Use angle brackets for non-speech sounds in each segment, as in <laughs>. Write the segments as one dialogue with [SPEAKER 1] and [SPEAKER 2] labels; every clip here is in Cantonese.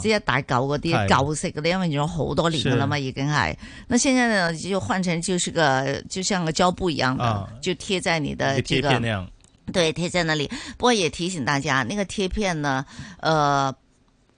[SPEAKER 1] 即係一大舊嗰啲舊式嘅，因為用咗好多年噶啦嘛，已經係。那現在呢就換成就是個，就像個膠布一樣嘅、啊，就貼在你的這個，個對貼在那裡。不過也提醒大家，那個貼片呢，呃。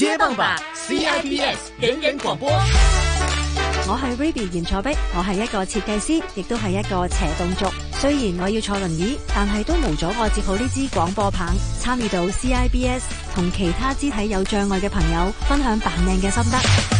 [SPEAKER 2] 接棒吧，C I B S 人人廣播。我係 Ruby 嚴楚碧，我係一個設計師，亦都係一個斜槓族。雖然我要坐輪椅，但係都無阻我接好呢支廣播棒，參與到 C I B S，同其他肢體有障礙嘅朋友分享扮靚嘅心得。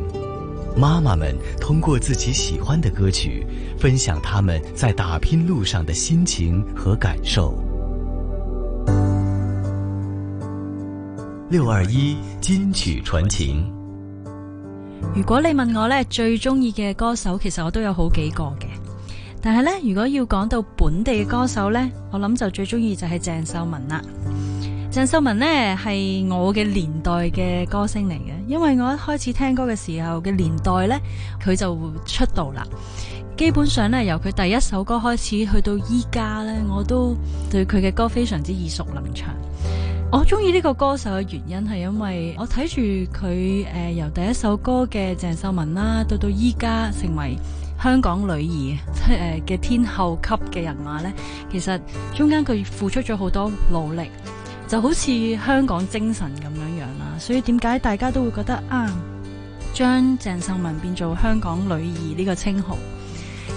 [SPEAKER 3] 媽媽們通過自己喜歡的歌曲，分享他們在打拼路上的心情和感受。六二一金曲傳情。
[SPEAKER 2] 如果你問我呢，最中意嘅歌手，其實我都有好幾個嘅。但係呢，如果要講到本地嘅歌手呢，我諗就最中意就係鄭秀文啦。鄭秀文呢係我嘅年代嘅歌星嚟嘅，因為我一開始聽歌嘅時候嘅年代呢，佢就出道啦。基本上呢，由佢第一首歌開始去到依家呢，我都對佢嘅歌非常之耳熟能詳。我中意呢個歌手嘅原因係因為我睇住佢誒由第一首歌嘅鄭秀文啦，到到依家成為香港女兒嘅天后級嘅人馬呢，其實中間佢付出咗好多努力。就好似香港精神咁樣樣啦，所以點解大家都會覺得啊，將鄭秀文變做香港女兒呢個稱號？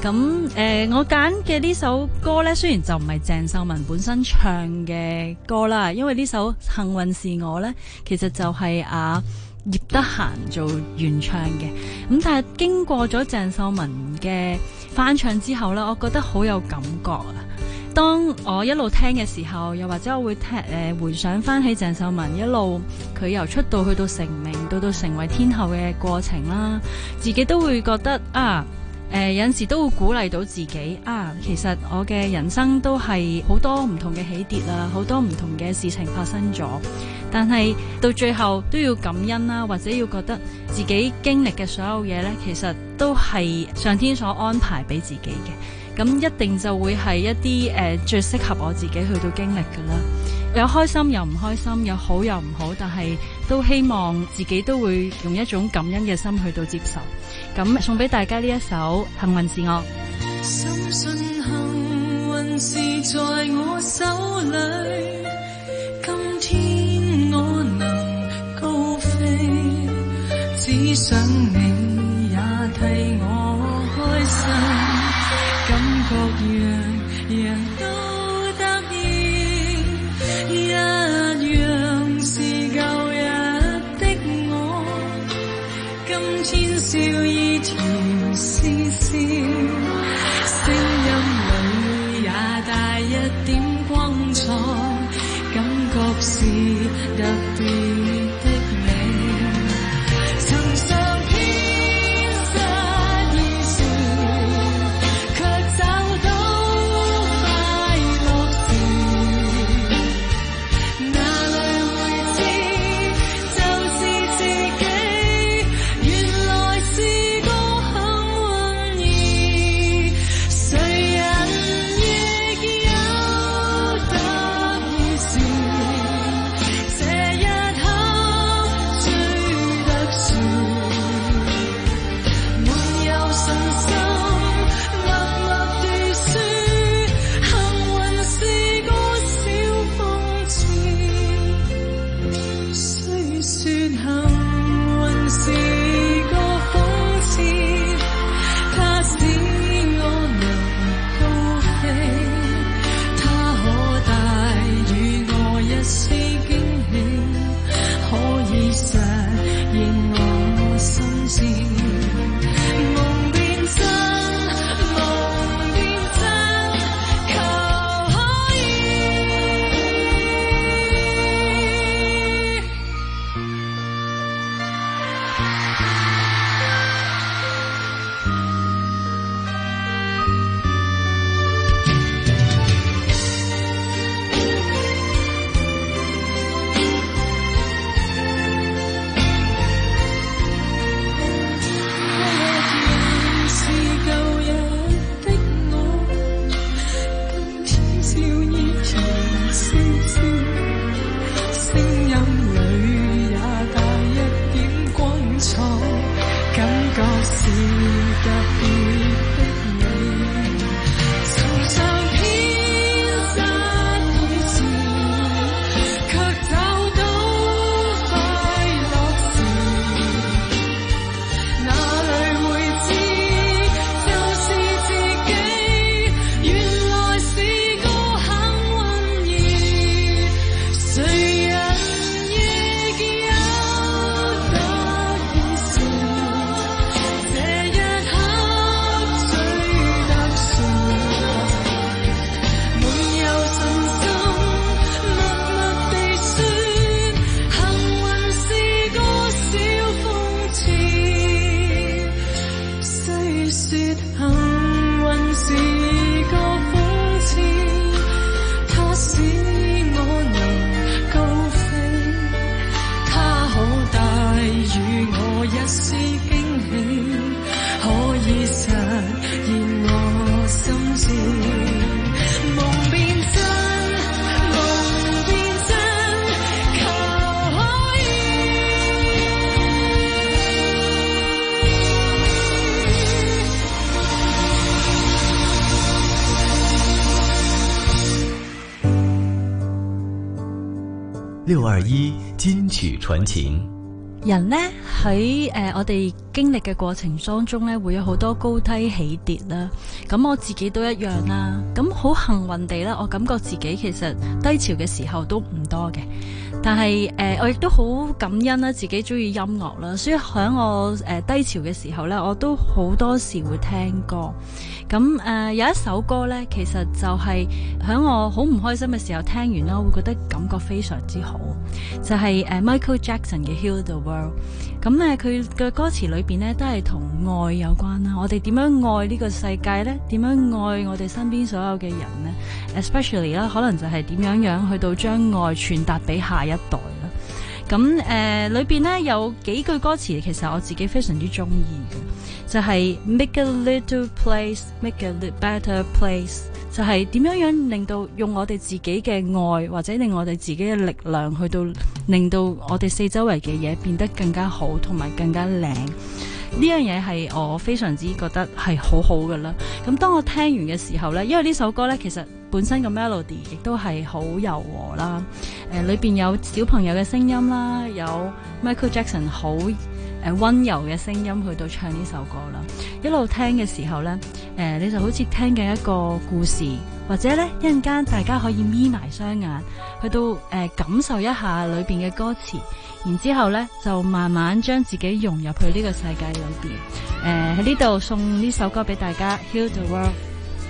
[SPEAKER 2] 咁誒、呃，我揀嘅呢首歌呢，雖然就唔係鄭秀文本身唱嘅歌啦，因為呢首《幸運是我》呢，其實就係啊葉德嫻做原唱嘅，咁但係經過咗鄭秀文嘅翻唱之後呢，我覺得好有感覺啊！當我一路聽嘅時候，又或者我會聽誒回想，翻起鄭秀文一路，佢由出道去到成名，到到成為天后嘅過程啦，自己都會覺得啊，誒、呃、有陣時都會鼓勵到自己啊。其實我嘅人生都係好多唔同嘅起跌啊，好多唔同嘅事情發生咗，但係到最後都要感恩啦，或者要覺得自己經歷嘅所有嘢呢，其實都係上天所安排俾自己嘅。咁一定就會係一啲誒、uh, 最適合我自己去到經歷嘅啦，有開心又唔開心，有好又唔好，但係都希望自己都會用一種感恩嘅心去到接受。咁送俾大家呢一首《幸運是我》。
[SPEAKER 4] 深信幸運是在我手裏，今天我能高飛，
[SPEAKER 5] 只想你也替我開心。
[SPEAKER 2] 人呢，喺誒、呃，我哋經歷嘅過程當中呢，會有好多高低起跌啦。咁我自己都一樣啦。咁好幸運地啦，我感覺自己其實低潮嘅時候都唔多嘅。但係誒、呃，我亦都好感恩啦，自己中意音樂啦，所以喺我誒低潮嘅時候呢，我都好多時會聽歌。咁誒、呃、有一首歌咧，其實就係響我好唔開心嘅時候聽完啦，我會覺得感覺非常之好，就係、是呃、Michael Jackson 嘅《Heal the World》。咁誒佢嘅歌詞裏邊咧，都係同愛有關啦。我哋點樣愛呢個世界咧？點樣愛我哋身邊所有嘅人咧？Especially 啦，可能就係點樣樣去到將愛傳達俾下一代。咁誒裏面呢有幾句歌詞，其實我自己非常之中意嘅，就係 make a little place, make a little better place，就係點樣令到用我哋自己嘅愛或者令我哋自己嘅力量去到令到我哋四周圍嘅嘢變得更加好同埋更加靚。呢樣嘢係我非常之覺得係好好㗎啦。咁當我聽完嘅時候呢，因為呢首歌呢，其實。本身嘅 melody 亦都係好柔和啦，誒、呃、裏邊有小朋友嘅聲音啦，有 Michael Jackson 好誒溫柔嘅聲音去到唱呢首歌啦，一路聽嘅時候咧，誒、呃、你就好似聽緊一個故事，或者咧一陣間大家可以眯埋雙眼，去到誒、呃、感受一下裏邊嘅歌詞，然之後咧就慢慢將自己融入去呢個世界裏邊，誒喺呢度送呢首歌俾大家，Heal the World。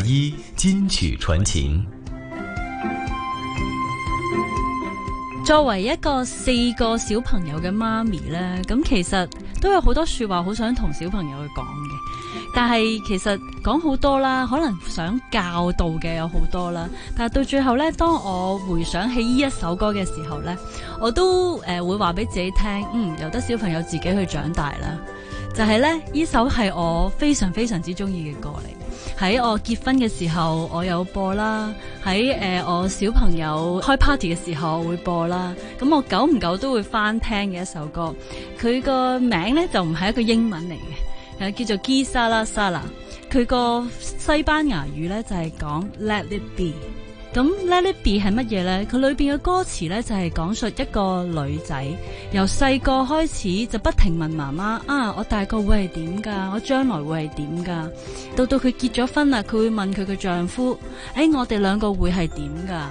[SPEAKER 3] 一金曲傳情，
[SPEAKER 2] 作為一個四個小朋友嘅媽咪呢，咁其實都有好多說話好想同小朋友去講嘅，但係其實講好多啦，可能想教導嘅有好多啦，但係到最後呢，當我回想起呢一首歌嘅時候呢，我都誒會話俾自己聽，嗯，由得小朋友自己去長大啦，就係呢，呢首係我非常非常之中意嘅歌嚟。喺我結婚嘅時候，我有播啦；喺、呃、我小朋友開 party 嘅時候我會播啦。咁我久唔久都會翻聽嘅一首歌，佢個名咧就唔係一個英文嚟嘅，叫做 Que Sera Sera。佢個西班牙語咧就係、是、講 Let It Be。咁《Let It Be》係乜嘢呢？佢裏邊嘅歌詞呢，就係講述一個女仔由細個開始就不停問媽媽：啊，我大個會係點噶？我將來會係點噶？到到佢結咗婚啦，佢會問佢嘅丈夫：誒、哎，我哋兩個會係點噶？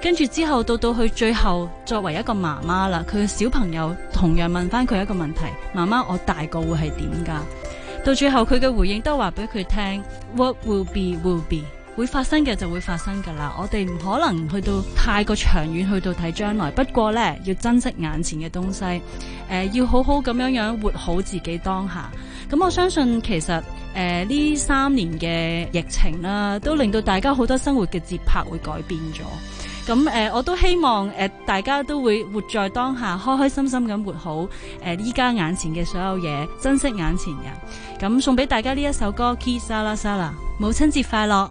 [SPEAKER 2] 跟住之後到到佢最後，作為一個媽媽啦，佢嘅小朋友同樣問翻佢一個問題：媽媽，我大個會係點噶？到最後佢嘅回應都話俾佢聽：What will be will be。會發生嘅就會發生噶啦。我哋唔可能去到太過長遠，去到睇將來。不過呢，要珍惜眼前嘅東西，誒、呃，要好好咁樣樣活好自己當下。咁我相信其實誒呢、呃、三年嘅疫情啦、啊，都令到大家好多生活嘅節拍會改變咗。咁誒、呃，我都希望誒、呃、大家都會活在當下，開開心心咁活好。誒、呃，依家眼前嘅所有嘢，珍惜眼前人。咁送俾大家呢一首歌《Kisala Sala》，母親節快樂！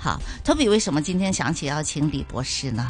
[SPEAKER 6] 好
[SPEAKER 1] ，Toby 為什麼今天想起要請李博士呢？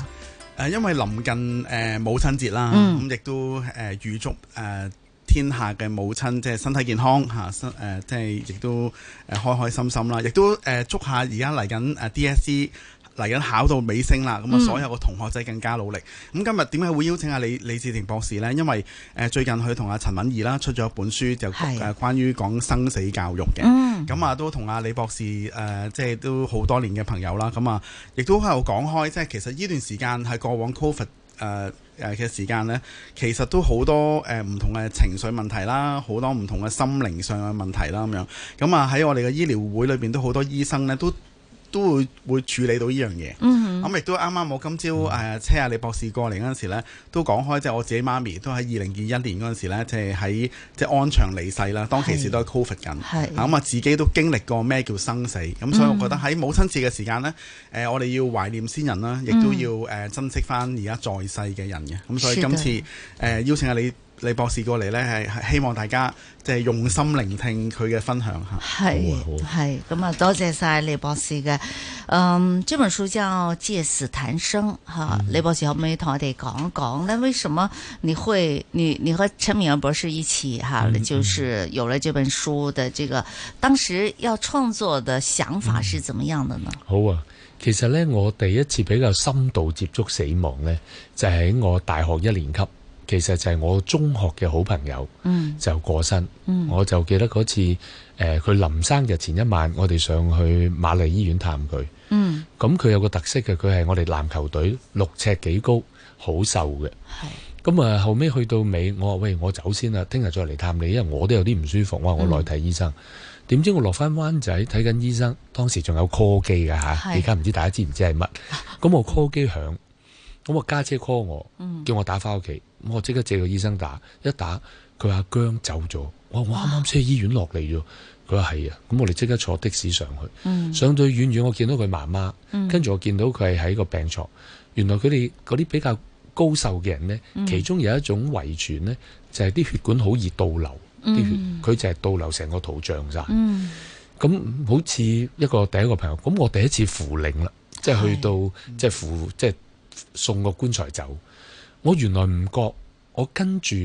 [SPEAKER 6] 誒、呃，因為臨近誒、呃、母親節啦，咁、嗯、亦都誒、呃、預祝誒、呃、天下嘅母親即係身體健康吓，身、啊、誒即係亦都誒開開心心啦，亦、啊、都誒、呃、祝下而家嚟緊誒 DSE。呃 DFC, 嚟緊考到尾聲啦，咁啊所有嘅同學仔更加努力。咁、嗯、今日點解會邀請阿李李志誠博士呢？因為誒、呃、最近佢同阿陳敏儀啦出咗一本書就，就誒的關於講生死教育嘅。咁、嗯、啊都同阿李博士誒、呃，即係都好多年嘅朋友啦。咁啊，亦都喺度講開，即係其實呢段時間係過往 Covid 嘅、呃、時間呢，其實都好多誒唔、呃、同嘅情緒問題啦，好多唔同嘅心靈上嘅問題啦咁樣。咁啊喺我哋嘅醫療會裏邊都好多醫生呢都。都都會會處理到呢樣嘢，咁亦都啱啱我今朝誒、嗯呃、車阿李博士過嚟嗰陣時咧，都講開即係我自己媽咪都喺二零二一年嗰陣時咧，即係喺即係安詳離世啦。當其時都係 COVID 緊，咁啊自己都經歷過咩叫生死，咁、嗯嗯、所以我覺得喺母親節嘅時間呢，誒、呃、我哋要懷念先人啦，亦都要誒、呃、珍惜翻而家在世嘅人嘅，咁、嗯嗯、所以今次誒、呃、邀請阿李。李博士過嚟呢係希望大家即係用心聆聽佢嘅分享吓。係，
[SPEAKER 1] 係咁啊，多、啊、謝晒李博士嘅。嗯，這本書叫《借死談生》哈、嗯，李博士可唔可以同，我哋講一齊講一講。那為什麼你會，你你和陳敏兒博士一起哈、嗯嗯，就是有了這本書的這個當時要創作的想法是怎麼樣的呢、嗯？
[SPEAKER 7] 好啊，其實呢我第一次比較深度接觸死亡呢就喺、是、我大學一年級。其實就係我中學嘅好朋友，就過身、嗯嗯。我就記得嗰次，誒佢臨生日前一晚，我哋上去瑪麗醫院探佢。咁、嗯、佢有個特色嘅，佢係我哋籃球隊六尺幾高，好瘦嘅。咁啊、嗯，後尾去到尾，我話喂，我先走先啦，聽日再嚟探你，因為我都有啲唔舒服，我話我來睇醫生。點、嗯、知我落翻灣仔睇緊醫生，當時仲有 call 機㗎吓，而家唔知大家知唔知係乜？咁、嗯、我 call 機響，咁、嗯、我家姐 call 我，叫我打翻屋企。我即刻借個醫生打，一打佢話阿姜走咗，我我啱啱先喺醫院落嚟啫。佢話係啊，咁我哋即刻坐的士上去，嗯、上到醫院我見到佢媽媽，跟、嗯、住我見到佢係喺個病床。原來佢哋嗰啲比較高瘦嘅人咧、嗯，其中有一種遺傳咧，就係、是、啲血管好易倒流，啲、嗯、血佢就係倒流成個圖像晒咁、嗯、好似一個第一個朋友，咁我第一次扶靈啦，即、就、係、是、去到即係、嗯就是、扶即係、就是、送個棺材走。我原來唔覺，我跟住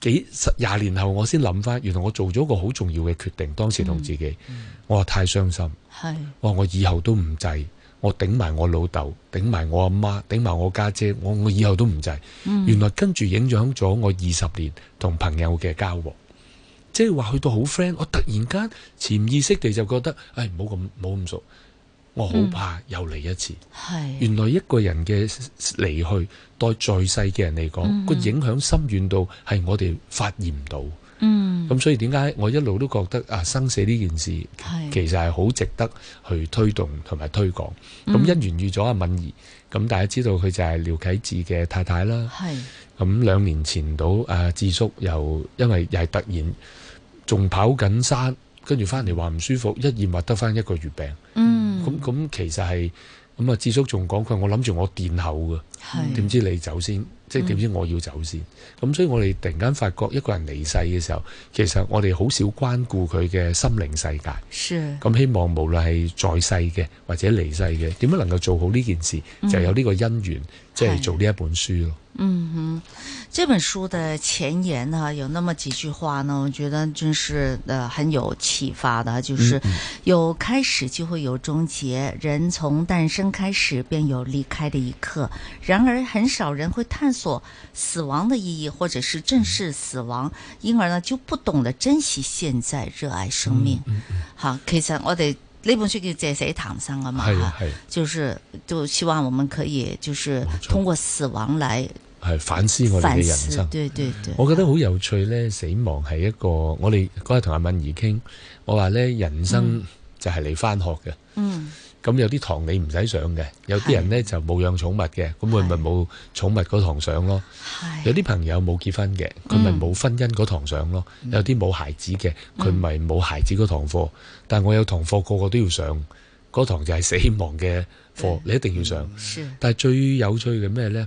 [SPEAKER 7] 幾十廿年後，我先諗翻，原來我做咗個好重要嘅決定。當時同自己，嗯嗯、我話太傷心，我話我以後都唔制，我頂埋我老豆，頂埋我阿媽，頂埋我家姐、姐，我我以後都唔制、嗯。原來跟住影響咗我二十年同朋友嘅交往，即係話去到好 friend，我突然間潛意識地就覺得，哎，冇咁冇咁熟。我好怕又嚟一次，嗯，原來一個人嘅離去，對在世嘅人嚟講，個、嗯、影響深遠到係我哋發現唔到。咁、嗯、所以點解我一路都覺得啊，生死呢件事是其實係好值得去推動同埋推廣。咁因緣遇咗阿敏兒，咁大家知道佢就係廖啟智嘅太太啦。咁兩年前到阿智叔又，又因為又係突然仲跑緊山。跟住翻嚟話唔舒服，一驗話得翻一個月病，咁、嗯、咁其實係咁啊！智叔仲講佢，我諗住我墊後嘅，點知你先走先。即係點知我要走先？咁所以我哋突然間發覺一個人離世嘅時候，其實我哋好少關顧佢嘅心靈世界。咁希望無論係在世嘅或者離世嘅，點樣能夠做好呢件事，就是、有呢個因緣、嗯、即係做呢一本書咯。嗯哼，
[SPEAKER 1] 這本書的前言哈，有那麼幾句話呢，我覺得真是很有啟發的，就是有開始就會有終結，人從誕生開始便有離開的一刻，然而很少人會探索。做死亡的意義，或者是正視死亡、嗯，因而呢就不懂得珍惜現在，熱愛生命。嗯嗯、好 k 我哋呢本書叫借死唐生啊嘛，係就是就希望我們可以就是通過死亡來
[SPEAKER 7] 係反思我哋嘅人生，對對對。我覺得好有趣咧、嗯，死亡係一個我哋嗰日同阿敏儀傾，我話人生就係你翻學嘅。嗯。嗯咁有啲堂你唔使上嘅，有啲人呢就冇養寵物嘅，咁佢咪冇寵物嗰堂上咯。有啲朋友冇結婚嘅，佢咪冇婚姻嗰堂上咯，嗯。有啲冇孩子嘅，佢咪冇孩子嗰堂課。但係我有堂課個個都要上，嗰堂就係死亡嘅課，你一定要上。但係最有趣嘅咩呢？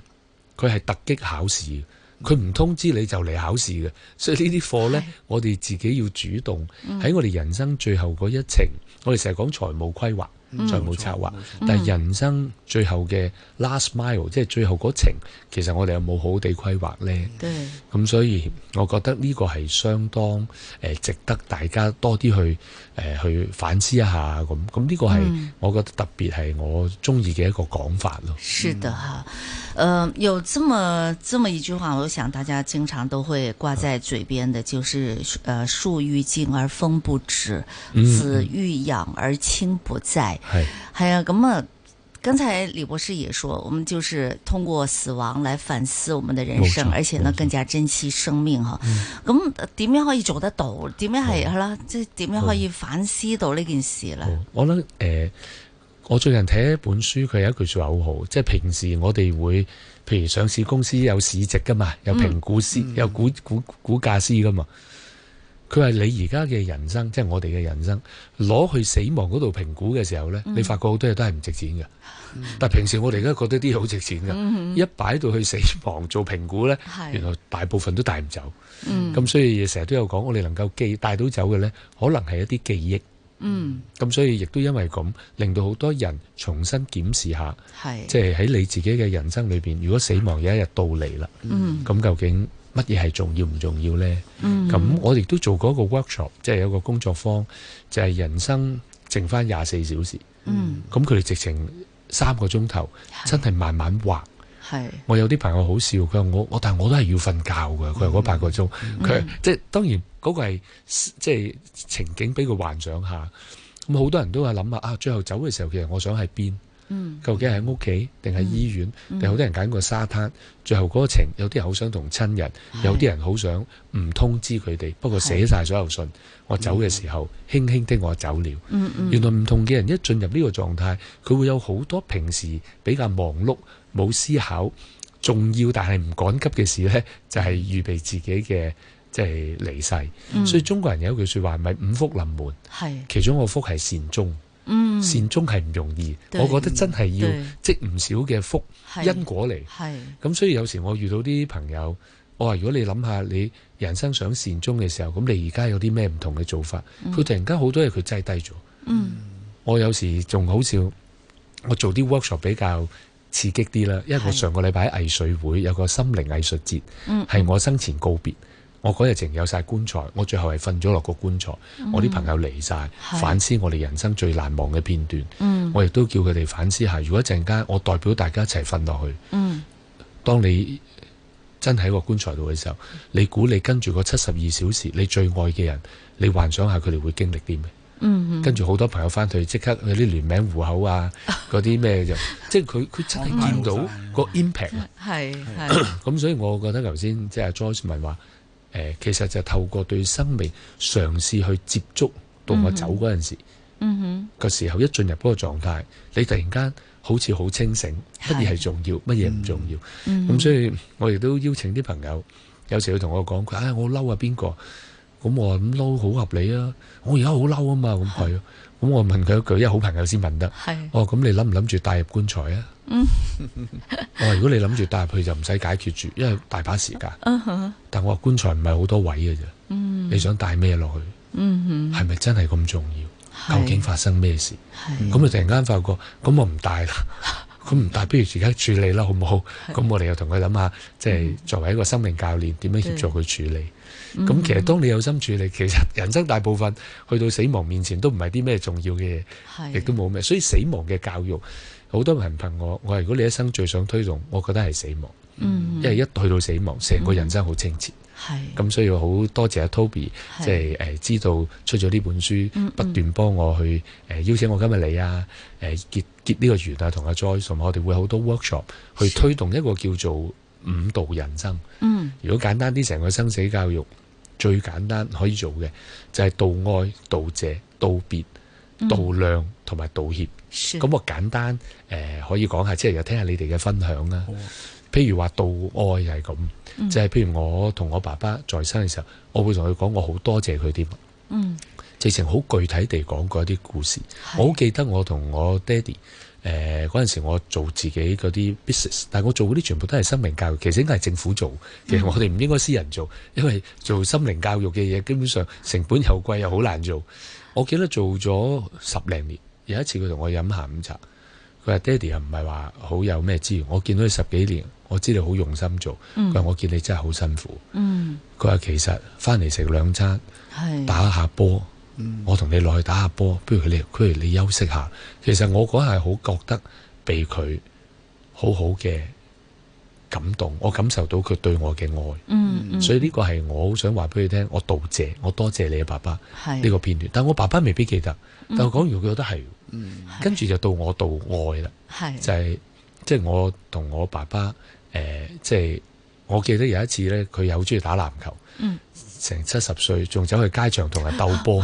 [SPEAKER 7] 佢係突擊考試，佢唔通知你就嚟考試嘅。所以呢啲課呢，我哋自己要主動喺我哋人生最後嗰一程，我哋成日講財務規劃。就冇策劃、嗯，但係人生最後嘅 last mile，、嗯、即係最後嗰程，其實我哋有冇好好地規劃呢？咁所以，我覺得呢個係相當誒值得大家多啲去誒、呃、去反思一下咁。咁呢個係我覺得特別係我中意嘅一個講法咯、嗯。
[SPEAKER 1] 是的吓，誒、呃、有咁樣咁樣一句話我想大家經常都會掛在嘴邊嘅、嗯，就是誒樹欲靜而風不止，子欲養而親不在。嗯嗯係，係啊咁啊！剛才李博士也說，我們就是通過死亡來反思我們的人生，而且呢，更加珍惜生命嗬。咁、嗯、點樣可以做得到？點樣係啦？即係點樣可以反思到呢件事咧、嗯
[SPEAKER 7] 嗯哦？我諗誒、呃，我最近睇一本書，佢有一句說話好好，即、就、係、是、平時我哋會，譬如上市公司有市值噶嘛，有評估師，嗯、有估估估價師噶嘛。佢話：你而家嘅人生，即係我哋嘅人生，攞去死亡嗰度評估嘅時候呢、嗯，你發覺好多嘢都係唔值錢嘅。但係平時我哋而家覺得啲好值錢㗎，一擺到去死亡做評估呢、嗯，原來大部分都帶唔走。咁、嗯、所以成日都有講，我哋能夠記帶到走嘅呢，可能係一啲記憶。咁、嗯、所以亦都因為咁，令到好多人重新檢視下，
[SPEAKER 5] 即
[SPEAKER 7] 係喺你自己嘅人生裏面。如果死亡有一日到嚟啦，咁、嗯、究竟乜嘢係重要唔重要呢？咁、嗯、我亦都做過一個 workshop，即係有個工作坊，就係、是、人生剩翻廿四小時。咁佢哋直情三個鐘頭，真係慢慢畫。我有啲朋友好笑，佢話我我，但係我都係要瞓覺㗎。佢話嗰八個鐘，佢即係當然嗰個係即係情景，俾佢幻想下。咁好多人都係諗啊，最後走嘅時候，其實我想喺邊？究竟喺屋企定係醫院？定、嗯、好多人揀個沙灘、嗯？最後嗰個程，有啲人好想同親人，有啲人好想唔通知佢哋。不過寫晒所有信，的我走嘅時候，輕、嗯、輕的我走了。嗯嗯、原來唔同嘅人一進入呢個狀態，佢會有好多平時比較忙碌冇思考重要但係唔趕急嘅事呢就係、是、預備自己嘅即離世、嗯。所以中國人有一句說話，咪五福臨門，其中個福係善終。嗯、善終係唔容易，我覺得真係要積唔少嘅福因果嚟。係咁，所以有時我遇到啲朋友，我話如果你諗下你人生想善終嘅時候，咁你而家有啲咩唔同嘅做法？佢、嗯、突然間好多嘢佢擠低咗。嗯，我有時仲好笑，我做啲 workshop 比較刺激啲啦，因為我上個禮拜喺藝術會有個心靈藝術節，係、嗯、我生前告別。我嗰日情有晒棺材，我最後係瞓咗落個棺材。嗯、我啲朋友離晒反思我哋人生最難忘嘅片段。嗯、我亦都叫佢哋反思下。如果一陣間我代表大家一齊瞓落去、嗯，當你真喺個棺材度嘅時候，你估你跟住個七十二小時，你最愛嘅人，你幻想下佢哋會經歷啲咩、嗯？跟住好多朋友翻去，即刻有啲聯名戶口啊，嗰啲咩就即係佢佢真係見到個 impact 咁、啊嗯、所以我覺得頭先即係 Joyce 文話。誒，其實就透過對生命嘗試去接觸，到我走嗰陣時，個、
[SPEAKER 5] mm
[SPEAKER 7] -hmm. 時候一進入嗰個狀態，你突然間好似好清醒，乜嘢係重要，乜嘢唔重要。咁、mm -hmm. 所以，我亦都邀請啲朋友，有時會同我講佢，啊、哎，我嬲啊，邊個。咁我話，咁嬲好合理啊！我而家好嬲啊嘛，咁佢，咁、mm -hmm. 我問佢一句，因為好朋友先問得。哦、mm -hmm.，咁你諗唔諗住帶入棺材啊？嗯， <laughs> 我話如果你諗住帶入去就唔使解決住，因為大把時間。但我話棺材唔係好多位嘅啫。嗯。你想帶咩落去？
[SPEAKER 5] 嗯，係
[SPEAKER 7] 咪真係咁重要？
[SPEAKER 5] 究竟發
[SPEAKER 7] 生咩事？係。咁你突然間發覺，咁我唔帶啦。咁唔帶，不如自己處理啦，好唔好？咁我哋又同佢諗下，即係作為一個生命教練，點樣協助佢處理？咁其實當你有心處理，其實人生大部分去到死亡面前，都唔係啲咩重要嘅嘢，亦都冇咩，所以死亡嘅教育。好多人問我，我我如果你一生最想推動，我覺得係死亡，mm
[SPEAKER 5] -hmm. 因為一
[SPEAKER 7] 去到死亡，成個人生好清澈。咁、mm -hmm.，所以好多謝阿 Toby，即、mm、係 -hmm. 就是呃、知道出咗呢本書，mm -hmm. 不斷幫我去、呃、邀請我今日嚟啊，誒、呃、結結呢個緣啊，同阿 Joyce，同埋我哋會好多 workshop 去推動一個叫做五道人生。嗯、mm -hmm.，如果簡單啲，成個生死教育最簡單可以做嘅就係道愛、道謝、道別、道量。Mm -hmm. 同埋道歉，咁我簡單誒、呃、可以講下，即係又聽下你哋嘅分享啦、啊哦。譬如話道愛又係咁，即、嗯、係、就是、譬如我同我爸爸在生嘅時候，我會同佢講我好多謝佢添。嗯，直情好具體地講過一啲故事。我好記得我同我爹哋誒嗰陣時，我做自己嗰啲 business，但係我做嗰啲全部都係心靈教育，其實應該係政府做，其實我哋唔應該私人做，因為做心靈教育嘅嘢基本上成本又貴又好難做。我記得做咗十零年。有一次佢同我飲下午茶，佢話爹哋又唔係話好有咩資源，我見到你十幾年，我知道你好用心做。佢、嗯、話我見你真係好辛苦。佢、
[SPEAKER 5] 嗯、
[SPEAKER 7] 話其實翻嚟食兩餐，打下波，我同你落去打下波、嗯，不如你，不如你休息下。其實我嗰日係好覺得被佢好好嘅感動，我感受到佢對我嘅愛、嗯嗯。所以呢個係我好想話俾佢聽，我道謝，我多謝你爸爸呢個片段。但係我爸爸未必記得，但我講完佢、嗯、覺得係。跟、嗯、住就到我度外啦，就係即係我同我爸爸誒，即、呃、係、就是，我記得有一次呢，佢又好中意打籃球，嗯、成七十歲仲走去街場同人鬥波，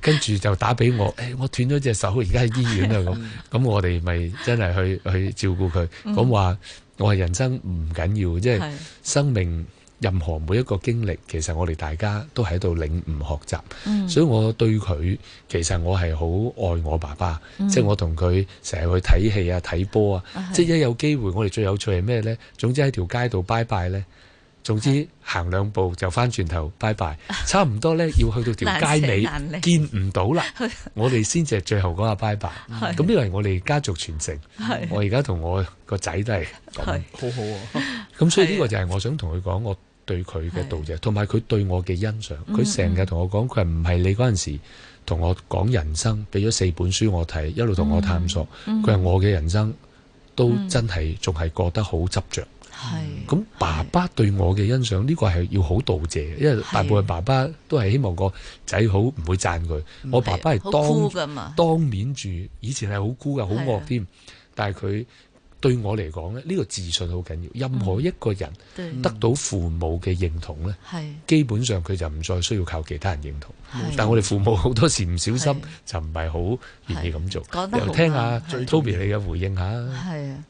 [SPEAKER 7] 跟、嗯、住就打俾我，誒、 <laughs> 欸、我斷咗隻手，而家喺醫院了啊，咁，咁我哋咪真係去去照顧佢，咁、嗯、話我係人生唔緊要，即係、就是、生命。任何每一個經歷，其實我哋大家都喺度領悟學習、嗯，所以我對佢，其實我係好愛我爸爸，即係我同佢成日去睇戲啊、睇波啊，即係、嗯、一有機會，我哋最有趣係咩呢？總之喺條街度拜拜呢，總之行兩步就翻轉頭拜拜，差唔多呢，要去到條街尾 <laughs> 見唔到啦，難難 <laughs> 我哋先至係最後講下拜拜。咁呢個係我哋家族傳承，我而家同我個仔都係咁、啊，
[SPEAKER 8] 好好喎，
[SPEAKER 7] 咁所以呢個就係我想同佢講我。對佢嘅道謝，同埋佢對我嘅欣賞，佢成日同我講，佢唔係你嗰陣時同我講人生，俾咗四本書我睇，一路同我探索。佢、嗯、係我嘅人生都真係仲係覺得好執着。咁、嗯，爸爸對我嘅欣賞呢個係要好道謝，因為大部分爸爸都係希望個仔好讚，唔會讚佢。我爸爸係當當面住，以前係好孤嘅，好惡添，但係佢。對我嚟講咧，呢、這個自信好緊要。任何一個人得到父母嘅認同咧、嗯，基本上佢就唔再需要靠其他人認同。但我哋父母好多時唔小心就唔係好願意咁做。又、啊、聽下 Toby 你嘅回應嚇。係啊、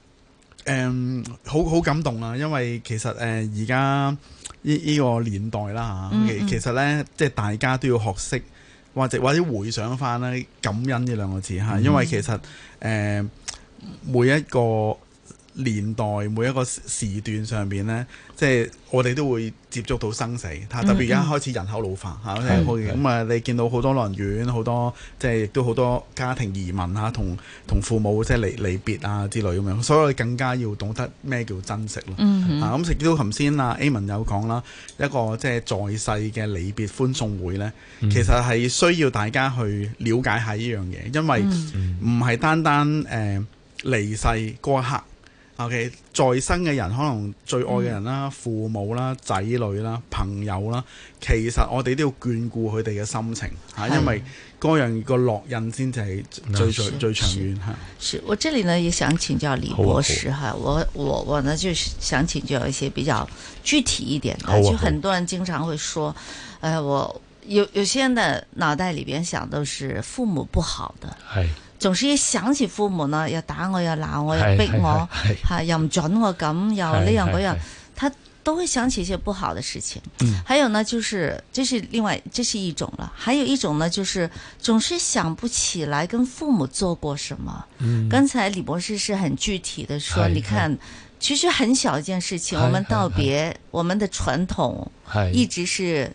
[SPEAKER 7] 嗯，
[SPEAKER 6] 好好感動啦、啊，因為其實誒而家呢依個年代啦、啊、嚇、嗯，其實呢，即係大家都要學識或者或者回想翻咧感恩呢兩個字嚇、啊，因為其實誒、呃、每一個。年代每一個時段上面呢，即係我哋都會接觸到生死，特別而家開始人口老化嚇，咁、嗯、啊、嗯嗯、你見到好多老人院，好多即係亦都好多家庭移民啊，同同父母即係離離別啊之類咁樣，所以我更加要懂得咩叫珍惜咯。咁食到琴先啊，A 文有講啦，一個即係在世嘅離別歡送會呢，其實係需要大家去了解下呢樣嘢，因為唔係單單誒離世嗰一刻。O.K. 在生嘅人可能最愛嘅人啦、嗯，父母啦、仔女啦、朋友啦，其實我哋都要眷顧佢哋嘅心情嚇，因為個人個烙印先至係最、嗯、最、最長遠吓。是，
[SPEAKER 1] 我這裏呢也想請教李博士哈，我我我呢就想請教一些比較具體一點嘅、啊，就很多人經常會說，誒、哎，我有有些人的腦袋裏邊想都是父母不好的係。總是一想起父母呢，要打我，要鬧我，要逼我，哈、hey, hey, hey, hey,，又唔准我，咁又呢樣嗰樣，他都會想起一些不好的事情。嗯、um,，還有呢，就是這是另外這是一種了，還有一種呢，就是總是想不起來跟父母做過什麼。嗯、um,，剛才李博士是很具體的說，hey, hey, 你看，其實很小一件事情，hey, hey, hey, 我們道別，hey, hey, 我們的傳統一直是。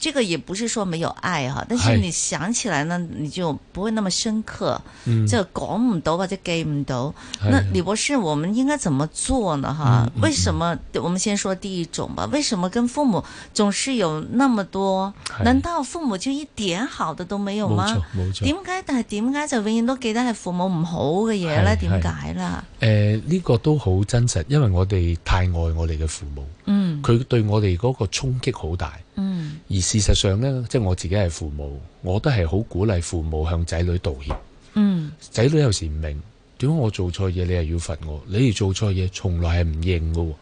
[SPEAKER 1] 這個也不是說沒有愛哈，但是你想起來呢，你就不會那麼深刻。嗯、就講唔到或者記唔到。那李博士，我們應該怎麼做呢？哈、嗯，為什麼、嗯？我們先說第一種吧。為什麼跟父母總是有那麼多？難道父母就一點好的都沒有嗎？冇錯，冇錯。點解？但係點解就永遠都記得係父母唔
[SPEAKER 7] 好嘅嘢呢？點解啦？誒、呢、呃這個都好真實，因為我哋太愛我哋嘅父母，嗯，
[SPEAKER 5] 佢
[SPEAKER 7] 對我哋嗰個衝擊好大。嗯，而事實上呢，即係我自己係父母，我都係好鼓勵父母向仔女道歉。嗯，仔女有時唔明點解我做錯嘢，你又要罰我，你哋做錯嘢，從來係唔認嘅
[SPEAKER 1] 喎。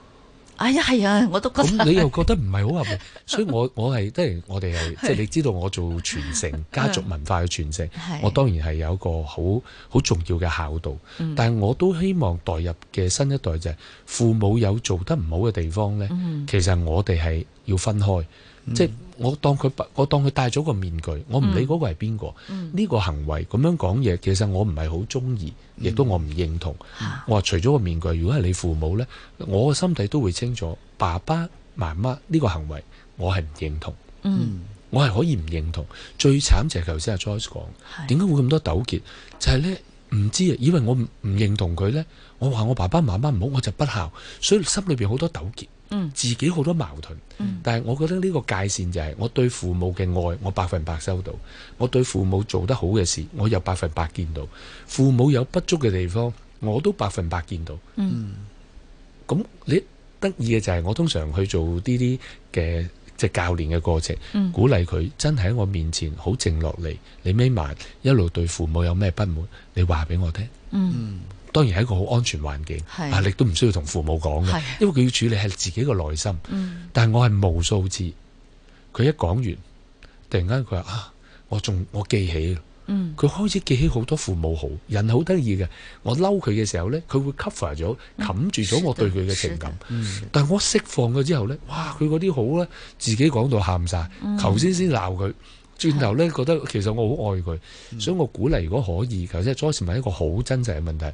[SPEAKER 1] 哎呀，係啊，我都覺，你又
[SPEAKER 7] 覺得唔係好合理， <laughs> 所以我我係即係我哋係即係你知道我做傳承家族文化嘅傳承，我當然係有一個好好重要嘅孝道，但係我都希望代入嘅新一代就係父母有做得唔好嘅地方呢、嗯，其實我哋係要分開。即係我當佢，我當佢戴咗個面具，我唔理嗰個係邊個。呢、嗯個行為咁樣講嘢，其實我唔係好中意，亦都我唔認同。嗯嗯、我話除咗個面具，如果係你父母呢，我個心底都會清楚，爸爸媽媽呢個行為我係唔認同。嗯、我係可以唔認同。最慘就係頭先阿 Joyce 講，點解會咁多糾結？就係、是、呢。唔知啊，以為我唔認同佢呢。我話我爸爸媽媽唔好，我就不孝，所以心裏邊好多糾結，嗯，自己好多矛盾，嗯，但係我覺得呢個界線就係，我對父母嘅愛，我百分百收到，我對父母做得好嘅事，我又百分百見到，父母有不足嘅地方，我都百分百見到，
[SPEAKER 5] 嗯，
[SPEAKER 7] 咁你得意嘅就係，我通常去做啲啲嘅。即教練嘅過程，鼓勵佢真係喺我面前好靜落嚟，你咪埋一路對父母有咩不滿，你話俾我聽、嗯。當然係一個好安全環境，壓力都唔需要同父母講嘅，因為佢要處理係自己嘅內心。嗯、但係我係無數次佢一講完，突然間佢話啊，我仲，我記起。佢、嗯、開始記起好多父母好，人好得意嘅。我嬲佢嘅時候呢，佢會 cover 咗、冚住咗我對佢嘅情感、嗯。但我釋放咗之後呢，哇！佢嗰啲好呢，自己講到喊晒。頭先先鬧佢，轉頭呢覺得其實我好愛佢、嗯，所以我鼓勵如果可以頭先 Joyce 問一個好真實嘅問題，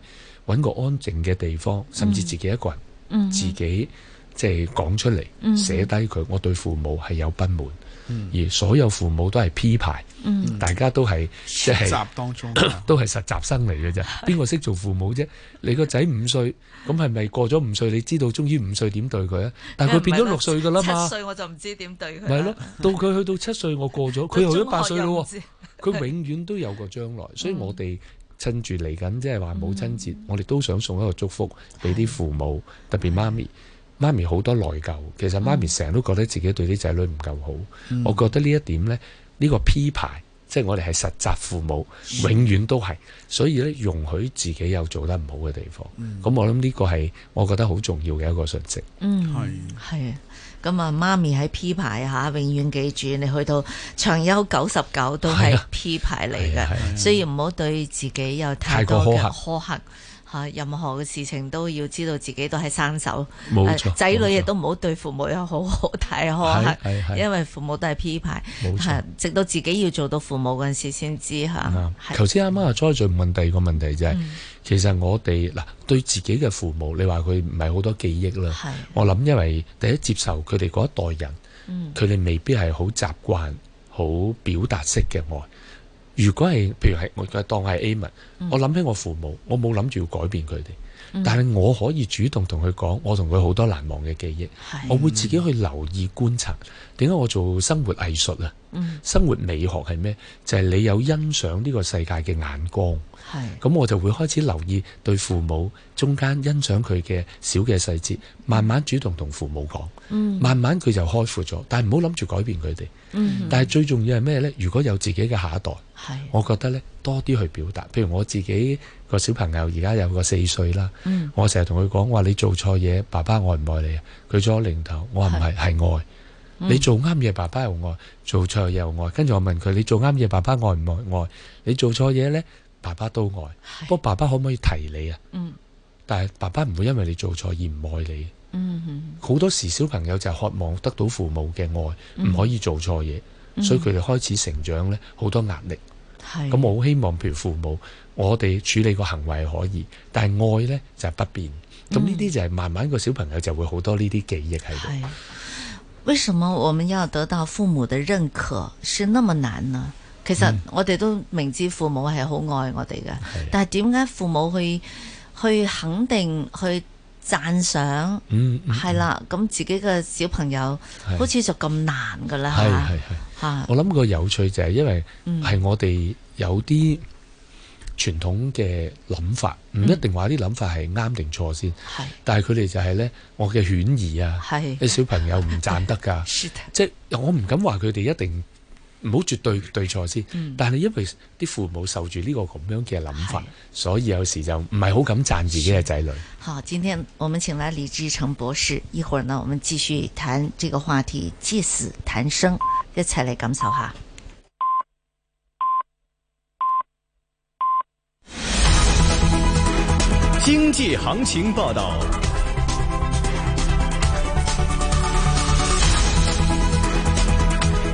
[SPEAKER 7] 揾個安靜嘅地方，甚至自己一個人，嗯、自己即係講出嚟、嗯，寫低佢，我對父母係有不滿。而所有父母都係 P 牌，大家都係實習當中，都係實習生嚟嘅啫。邊個識做父母啫？你個仔五歲，咁係咪過咗五歲？你知道，終於五歲點對佢啊？但係佢變咗六歲噶啦嘛。七歲
[SPEAKER 1] 我就唔知點對
[SPEAKER 5] 佢。係咯，
[SPEAKER 7] 到佢去到七歲，我過咗。佢又去咗八歲啦。佢 <laughs> 永遠都有個將來，所以我哋趁住嚟緊，即係話母親節、嗯，我哋都想送一個祝福俾啲父母， <laughs> 特別媽咪。媽咪好多內疚，其實媽咪成日都覺得自己對啲仔女唔夠好、嗯。我覺得呢一點呢，呢、這個 P 牌，即係我哋係實習父母，永遠都係，所以呢，容許自己有做得唔好嘅地方。咁、嗯、我諗呢個係我覺得好重要嘅一個訊息。嗯，
[SPEAKER 1] 係係啊，咁啊，媽咪喺 P 牌下，永遠記住你去到長休九十九都係 P 牌嚟嘅、啊啊啊啊，所以唔好對自己有太，太過苛刻。任何嘅事情都要知道自己都係生手，仔、啊、女亦都唔好對父母有好好睇，苛，
[SPEAKER 7] 因為
[SPEAKER 1] 父母都係 P 牌。直到自己要做到父母嗰陣時先知。頭
[SPEAKER 7] 先阿媽又最問問第二個問題，就是，就、嗯、係其實我哋嗱對自己嘅父母，你話佢唔係好多記憶啦、嗯。我諗因為第一接受佢哋嗰一代人，佢、嗯、哋未必係好習慣好表達式嘅愛。如果係，譬如係我嘅當係 A 文，我諗、嗯、起我父母，我冇諗住要改變佢哋、嗯，但係我可以主動同佢講，我同佢好多難忘嘅記憶的，我會自己去留意觀察，點解我做生活藝術啊？嗯、生活美學係咩？就係、是、你有欣賞呢個世界嘅眼光，咁我就會開始留意對父母中間欣賞佢嘅小嘅細節，慢慢主動同父母講、嗯，慢慢佢就開闊咗，但係唔好諗住改變佢哋、嗯嗯。但係最重要係咩呢？如果有自己嘅下一代。我覺得咧，多啲去表達，譬如我自己個小朋友而家有個四歲啦、嗯，我成日同佢講話：你做錯嘢，爸爸愛唔愛你啊？佢做咗零頭，我話唔係係愛。
[SPEAKER 5] 你做
[SPEAKER 7] 啱嘢，爸爸又愛；做錯嘢又愛。跟住我問佢：你做啱嘢，爸爸愛唔愛愛？你做錯嘢呢，爸爸都愛。不過爸爸可唔可以提你啊？嗯、但係爸爸唔會因為你做錯而唔愛你。好、嗯嗯嗯、多時小朋友就渴望得到父母嘅愛，唔可以做錯嘢、嗯嗯，所以佢哋開始成長呢，好多壓力。咁我好希望譬如父母，我哋處理個行為可以，但係愛呢就係不變。咁呢啲就係慢慢個小朋友就會好多呢啲記憶喺度。為什麼我們要得到父母的認可是那麼
[SPEAKER 1] 難呢？其實我哋都明知父母係好愛我哋嘅，但係點解父母去去肯定去？讚賞，
[SPEAKER 7] 係啦、
[SPEAKER 1] 嗯，咁、嗯嗯、自己嘅小朋友好似就咁難噶啦嚇。
[SPEAKER 7] 嚇，是我諗個有趣就係因為係我哋有啲傳統嘅諗法，唔、嗯、一定話啲諗法係啱定錯先。是但係佢哋就係呢：「我嘅犬兒啊，啲是小朋友唔讚得㗎，即係我唔敢話佢哋一定。唔好絕對對錯先，但係因為啲父母受住呢個咁樣嘅諗法、嗯，所以有時就唔係好敢讚自己嘅仔女。
[SPEAKER 1] 好，今天我們請來李志誠博士，一會兒呢，我們繼續談這個話題，借死談生，一齊嚟感受下
[SPEAKER 4] 經濟行情報道。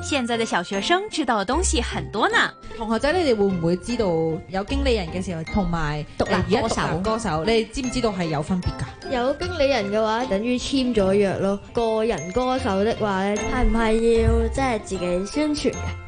[SPEAKER 9] 現在的小學生知道的東西很多呢。同學仔，你哋會唔會知道有經理人嘅時候，同埋獨立歌手？歌手，你哋知唔知道係有分別
[SPEAKER 1] 㗎？有經理人嘅
[SPEAKER 9] 話，等於簽咗約咯。個人歌手的話咧，係唔係要即係自
[SPEAKER 10] 己宣傳嘅？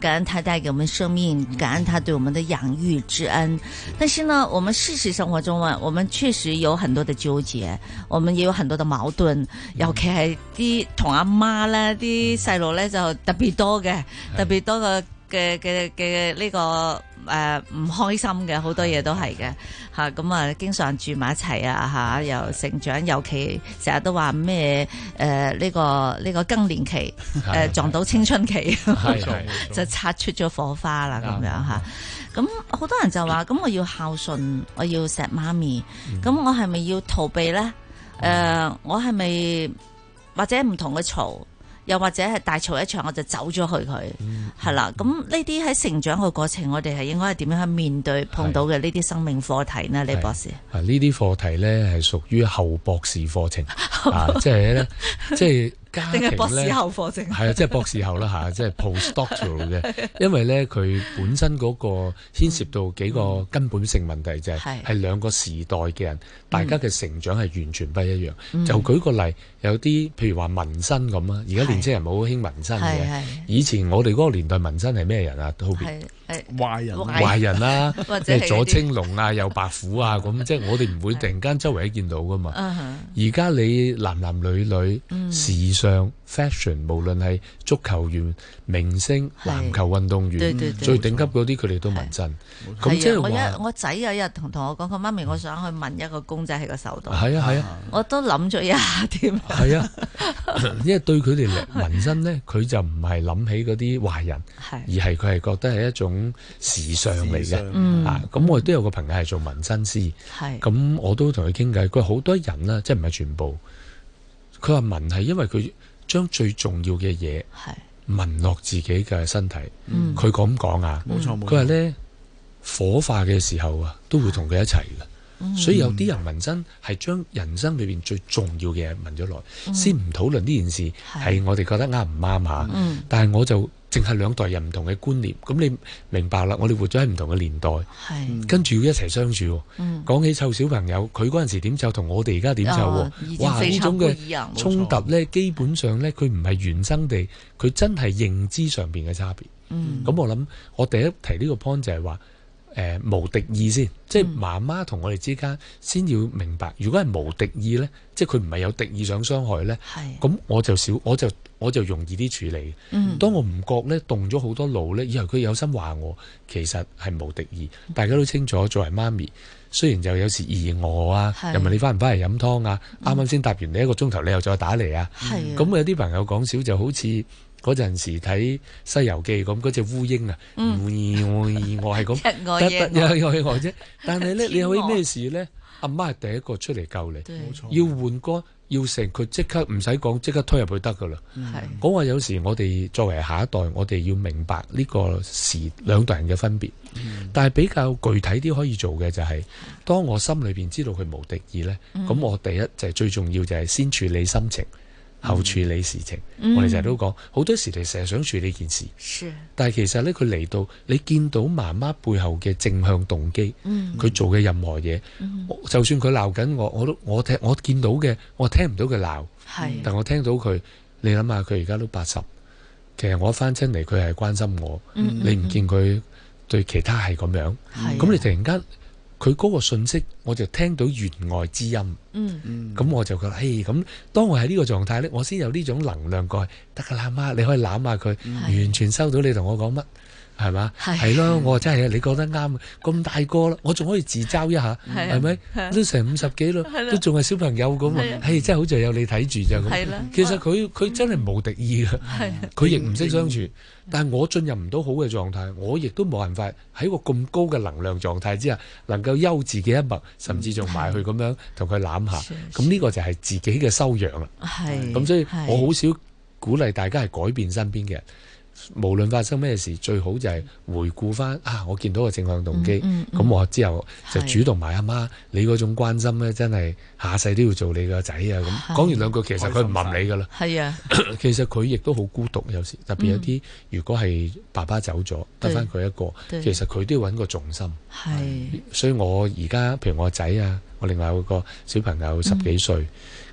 [SPEAKER 1] 感恩他帶給我們生命，感恩他對我們的養育之恩。但是呢，我們事實生活中啊，我們確實有很多的糾結，我們也有很多的矛盾，嗯、尤其係啲同阿媽呢，啲細路咧，就特別多嘅，特別多嘅嘅嘅嘅呢個。誒、呃，唔開心嘅好多嘢都係嘅吓，咁啊、嗯、經常住埋一齊啊吓，又成長，尤其成日都話咩誒呢個呢、呢個更年期誒、 <laughs> 呃、撞到青春期， <laughs> <laughs> <laughs> 就擦出咗火花啦咁 <laughs> 樣吓，咁、啊、好 <laughs> 多人就話，咁我要孝順，我要錫媽咪，咁我係咪要逃避咧？誒、 <laughs> 呃，我係咪或者唔同嘅嘈？又或者係大嘈一場，我就走咗去佢，係啦、嗯。咁呢啲喺成長嘅過程，我哋係應該係點樣去面對碰到嘅呢啲生命課題呢？李的博士
[SPEAKER 7] 啊，呢啲課題咧係屬於後博士課程，即係咧，即係、 <laughs> 啊。就是定係博士後課程，係啊，即、就、係、是、博士後啦嚇， <laughs> 即係 postdoctoral 嘅。因為咧，佢本身嗰個牽涉到幾個根本性問題、就是，就係係兩個時代嘅人，大家嘅成長係完全不一樣。嗯、就舉個例，有啲譬如話紋身咁啊，而家年輕人好興紋身嘅。以前我哋嗰個年代，紋身係咩人啊？特別。
[SPEAKER 6] 壞人壞人
[SPEAKER 7] 啦，誒或者係左青龍啊右白虎啊，咁即係我哋唔會突然間周圍都見到噶嘛。而家你男男女女時尚 fashion，無論係足球員、明星、籃球運動員，最頂級嗰啲佢哋都紋身。咁即係我一
[SPEAKER 1] 我仔有一日同同學講，佢媽咪，我想去紋一個公仔喺個手度。係啊係啊，我都諗咗一下添。
[SPEAKER 7] 係啊，因為對佢哋嚟紋身咧，佢就唔係諗起嗰啲壞人，而係佢係覺得係一種。時尚嚟嘅，咁、嗯啊、我亦都有個朋友係做紋身師，咁、嗯、我都同佢傾偈。佢話好多人啦，即係唔係全部。佢話紋係因為佢將最重要嘅嘢紋落自己嘅身體。佢咁講啊，冇錯冇錯。佢話咧火化嘅時候啊，都會同佢一齊噶。所以有啲人紋身係將人生裏邊最重要嘅嘢紋咗落，先唔討論呢件事係我哋覺得啱唔啱吓。但係我就。淨係兩代人唔同嘅觀念，咁你明白啦。我哋活咗喺唔同嘅年代，跟住要一齊相處。講、嗯、起湊小朋友，佢嗰陣時點湊，同我哋而家點湊，啊、哇！呢種嘅衝突呢，基本上呢，佢唔係原生地，佢真係認知上面嘅差別。咁、嗯、我諗，我第一提呢個 point 就係話。誒、呃、無敵意先，即係媽媽同我哋之間，先要明白。嗯、如果係無敵意呢，即係佢唔係有敵意想傷害呢，咁我就少，我就我就容易啲處理。嗯、當我唔覺呢，動咗好多腦呢，以後佢有心話我，其實係無敵意。大家都清楚，作為媽咪，雖然就有時疑我啊，又問你翻唔翻嚟飲湯啊，啱啱先答完你一個鐘頭，你又再打嚟啊，咁有啲朋友講少就好似。嗰陣時睇《西遊記》咁，嗰隻烏蠅啊，唔意外意外係咁意外啫。但係咧，你有啲咩事咧？阿媽係第一個出嚟救你，冇錯。要換歌，要成，佢即刻唔使講，即刻推入去得噶啦。係講話有時我哋作為下一代，我哋要明白呢個時兩代人嘅分別。嗯。但係比較具體啲可以做嘅就係、是，當我心裏邊知道佢無敵意咧，咁、嗯、我第一就係、是、最重要就係先處理心情。後處理事情，mm -hmm. 我哋成日都講，好多時你成日想處理件事，但係其實呢，佢嚟到，你見到媽媽背後嘅正向動機，佢、mm -hmm. 做嘅任何嘢，mm -hmm. 就算佢鬧緊我，我都我聽我，我見到嘅，我聽唔到佢鬧，但我聽到佢，你諗下佢而家都八十，其實我翻親嚟佢係關心我，mm -hmm. 你唔見佢對其他係咁樣，咁你突然間。佢嗰個信息，我就聽到弦外之音。嗯嗯，咁我就覺得，嘿，咁當我喺呢個狀態咧，我先有呢種能量過去，得噶啦媽，你可以攬下佢，完全收到你同我講乜。係嘛？係咯， <laughs> 我真係，你講得啱。咁大個啦，我仲可以自嘲一下，係咪、啊啊？都成五十幾喇、啊，都仲係小朋友咁啊！嘿、啊欸，真係好似有你睇住咋咁。其實佢佢真係冇敵意噶，佢亦唔識相處。啊、但係我進入唔到好嘅狀態，我亦都冇辦法喺個咁高嘅能量狀態之下，能夠休自己一脈，甚至仲埋去咁樣同佢攬下。咁呢、啊啊、個就係自己嘅修養啦。
[SPEAKER 5] 咁、啊啊、所以我
[SPEAKER 7] 好少鼓勵大家係改變身邊嘅人。無論發生咩事，最好就係回顧翻啊！我見到個正向動機，咁、嗯嗯嗯、我之後就主動埋阿媽。你嗰種關心咧，真係下世都要做你個仔啊！咁講完兩句，其實佢唔問你噶啦。係
[SPEAKER 1] 啊，
[SPEAKER 7] 其實佢亦都好孤獨，有時特別有啲、嗯，如果係爸爸走咗，得翻佢一個，其實佢都要揾個重心。係，所以我而家譬如我仔啊，我另外有一個小朋友十幾歲，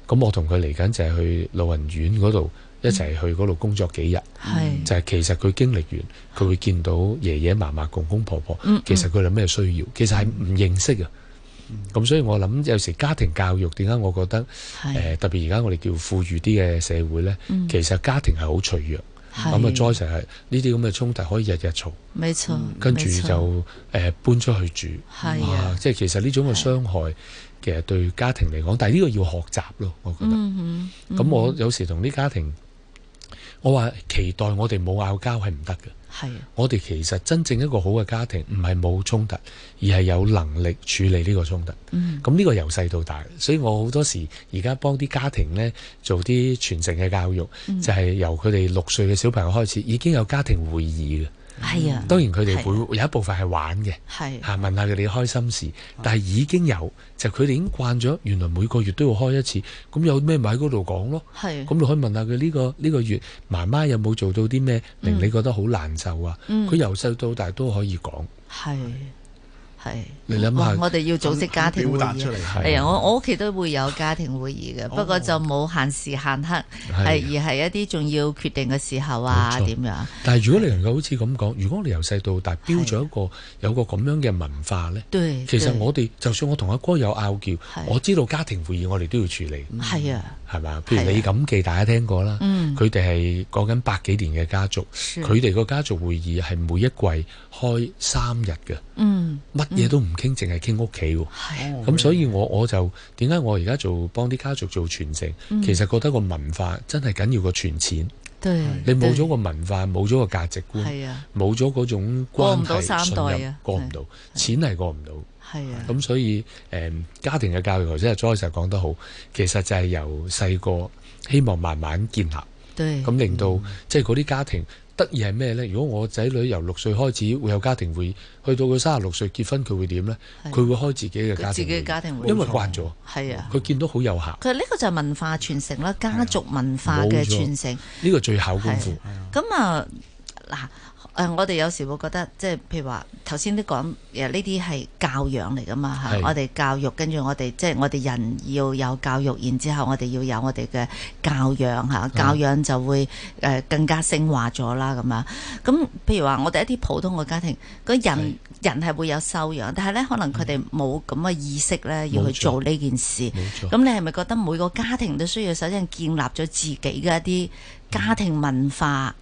[SPEAKER 7] 咁、嗯、我同佢嚟緊就係去老人院嗰度。一齊去嗰度工作幾日、嗯，就係、是、其實佢經歷完，佢會見到爺爺嫲嫲、公公婆婆，嗯嗯、其實佢哋咩需要，嗯、其實係唔認識嘅。咁、嗯、所以我諗有時家庭教育點解？為什麼我覺得誒、呃、特別而家我哋叫富裕啲嘅社會咧、嗯，其實家庭係好脆弱，咁啊再成係呢啲咁嘅衝突可以日日嘈，
[SPEAKER 1] 冇錯、跟住就
[SPEAKER 7] 誒、呃、搬出去住，哇、啊！即、啊、係、啊就是、其實呢種嘅傷害、啊、其實對家庭嚟講，但係呢個要學習咯，我覺得。咁、
[SPEAKER 1] 嗯
[SPEAKER 7] 嗯、我有時同啲家庭。我話期待我哋冇拗交係唔得嘅，我哋其實真正一個好嘅家庭，唔係冇衝突，而係有能力處理呢個衝突。咁、嗯、呢個由細到大，所以我好多時而家幫啲家庭呢做啲傳承嘅教育，就係、是、由佢哋六歲嘅小朋友開始，已經有家庭會議嘅。
[SPEAKER 8] 係、嗯、啊，當然佢哋會
[SPEAKER 7] 有一部分係玩嘅，吓問下佢哋開心事。但係已經有，就佢哋已經慣咗，原來每個月都要開一次。咁有咩咪喺嗰度講咯。係，咁你可以問下佢呢個呢個月媽媽有冇做到啲咩令你覺得好難受啊？佢由細到大都可以講。係。係，我我哋
[SPEAKER 1] 要組織家庭會議。係啊，啊，我我屋企都會有家庭會議嘅，不過就冇限時限刻，係、啊、而係一啲重要決定嘅時候啊，點樣？
[SPEAKER 7] 但係如果你能夠好似咁講，如果你由細到大標咗一個、啊、有一個咁樣嘅文化咧，
[SPEAKER 4] 對，其實我
[SPEAKER 7] 哋就算我同阿哥，哥有拗撬、啊，我知道家庭會議我哋都要處理，係啊，係嘛？譬如李錦記、啊、大家聽過啦，佢哋係講緊百幾年嘅家族，佢哋個家族會議係每一季開三日嘅，嗯，
[SPEAKER 5] 乜嘢都
[SPEAKER 7] 唔傾，淨係傾屋企喎。咁所以我我就點解我而家做幫啲家族做傳承、嗯，其實覺得個文化真係緊要個存錢。
[SPEAKER 5] 對你冇咗
[SPEAKER 7] 個文化，冇咗個價值觀，冇咗嗰種關係，過唔到三代啊，過唔到錢係過唔到。咁所以、嗯、家庭嘅教育，頭先 Joyce 講得好，其實就係由細個希望慢慢建立，咁令到即係嗰啲家庭。得意係咩呢？如果我仔女由六歲開始會有家庭會，去到佢三十六歲結婚佢會點呢？佢、啊、會開自己嘅家庭會，佢嘅家庭會，因為慣咗，佢、啊、見到好有效。
[SPEAKER 1] 佢呢個就係文化傳承啦，家
[SPEAKER 7] 族文化嘅傳承。呢個、啊、最考功夫。
[SPEAKER 1] 咁啊嗱。誒、呃，我哋有時會覺得，即係譬如話頭先都講，誒呢啲係教養嚟噶嘛吓是，我哋教育跟住我哋即係我哋人要有教育，然之後我哋要有我哋嘅教養吓，教養就會誒、呃、更加升華咗啦咁樣。咁譬如話我哋一啲普通嘅家庭，個人是人係會有修養，但係咧可能佢哋冇咁嘅意識咧，錯要去做呢件事。咁錯你係咪覺得每個家庭都需要首先建立咗自己嘅一啲家庭文化？嗯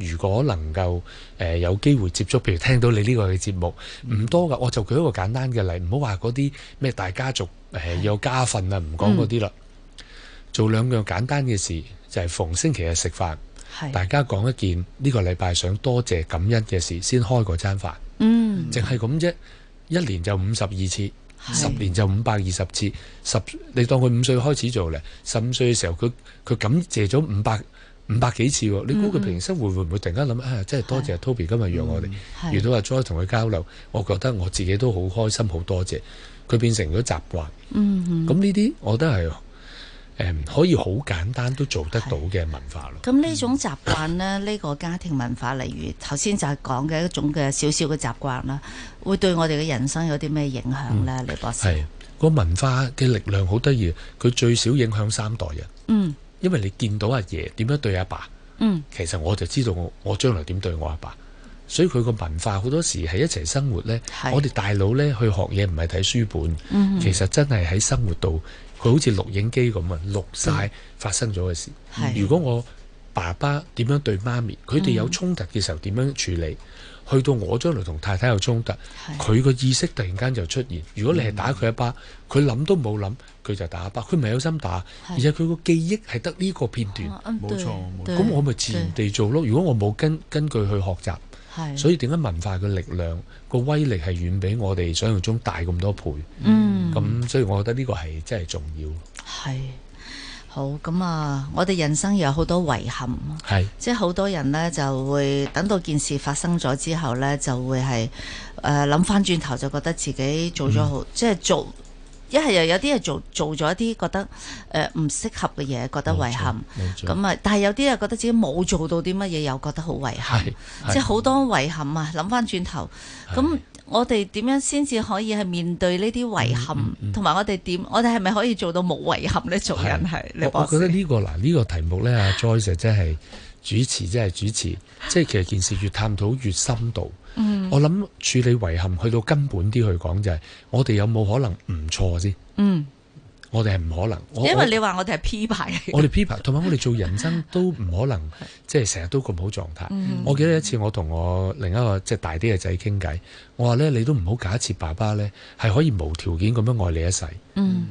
[SPEAKER 7] 如果能夠誒有機會接觸，譬如聽到你呢個嘅節目，唔多噶。我就舉一個簡單嘅例，唔好話嗰啲咩大家族誒有家訓啊，唔講嗰啲啦。做兩樣簡單嘅事，就係逢星期日食飯，大家講一件呢個禮拜想多謝感恩嘅事，先開個餐飯。嗯，淨係咁啫，一年就五十二次，十年就五百二十次。十你當佢五歲開始做咧，十五歲嘅時候，佢佢感謝咗五百。五百幾次喎，你估佢平時生活會唔會突然間諗、嗯、啊？真係多謝 Toby 今日讓我哋、嗯、遇到阿 Joy 同佢交流，我覺得我自己都好開心好多謝佢，變成咗習慣。咁呢啲我都係誒可以好簡單都做得到嘅文化咯。
[SPEAKER 1] 咁呢種習慣呢，呢、嗯呢個家庭文化，例如頭先就係講嘅一種嘅小小嘅習慣啦，會對我哋嘅人生有啲咩影響呢？李、嗯、博士，係、
[SPEAKER 7] 個文化嘅力量好得意，佢最少影響三代人。嗯。因為你見到阿爺點樣對阿爸、嗯，其實我就知道我我將來點對我阿爸，所以佢個文化好多時係一齊生活呢。我哋大佬呢，去學嘢唔係睇書本、嗯，其實真係喺生活度，佢好似錄影機咁啊，錄晒發生咗嘅事。如果我爸爸點樣對媽咪，佢哋有衝突嘅時候點樣處理？嗯去到我將來同太太有衝突，佢個意識突然間就出現。如果你係打佢一巴，佢、嗯、諗都冇諗，佢就打一巴。佢唔係有心打，是而且佢個記憶係得呢個片段。冇、啊、錯，咁我咪自然地做咯。如果我冇跟根據去學習，所以點解文化嘅力量個威力係遠比我哋想象中大咁多倍？嗯，咁所以我覺得呢個係真係重要。
[SPEAKER 1] 好咁啊！我哋人生有好多遺憾，是即係好多人呢就會等到件事發生咗之後呢，就會係誒諗翻轉頭就覺得自己做咗好，嗯、即係做，做，做一係又有啲人做做咗一啲覺得誒唔、呃、適合嘅嘢，覺得遺憾。咁啊，但係有啲人覺得自己冇做到啲乜嘢，又覺得好遺憾。是即係好多遺憾啊！諗翻轉頭咁。是那我哋點樣先至可以係面對呢啲遺憾，同、嗯、埋、嗯嗯、我哋點？我哋係咪可以做到冇遺憾呢？做人係，我覺得呢、
[SPEAKER 7] 呢個嗱，呢、呢個題目呢阿、 <laughs> 啊、Joyce 真係主持，真係主持。 <laughs> 即係其實件事越探討越深度。嗯。我諗處理遺憾去到根本啲去講就係，我哋有冇可能唔錯先？嗯。我哋係唔可能，因為你話
[SPEAKER 1] 我哋係 P 牌。我哋 P
[SPEAKER 7] 牌，同埋我哋做人生都唔可能， <laughs> 是即係成日都咁好狀態。嗯、我記得一次我我一一，我同我另一個即係大啲嘅仔傾偈，我話咧：你都唔好假設爸爸咧係可以無條件咁樣愛你一世。
[SPEAKER 5] 嗯、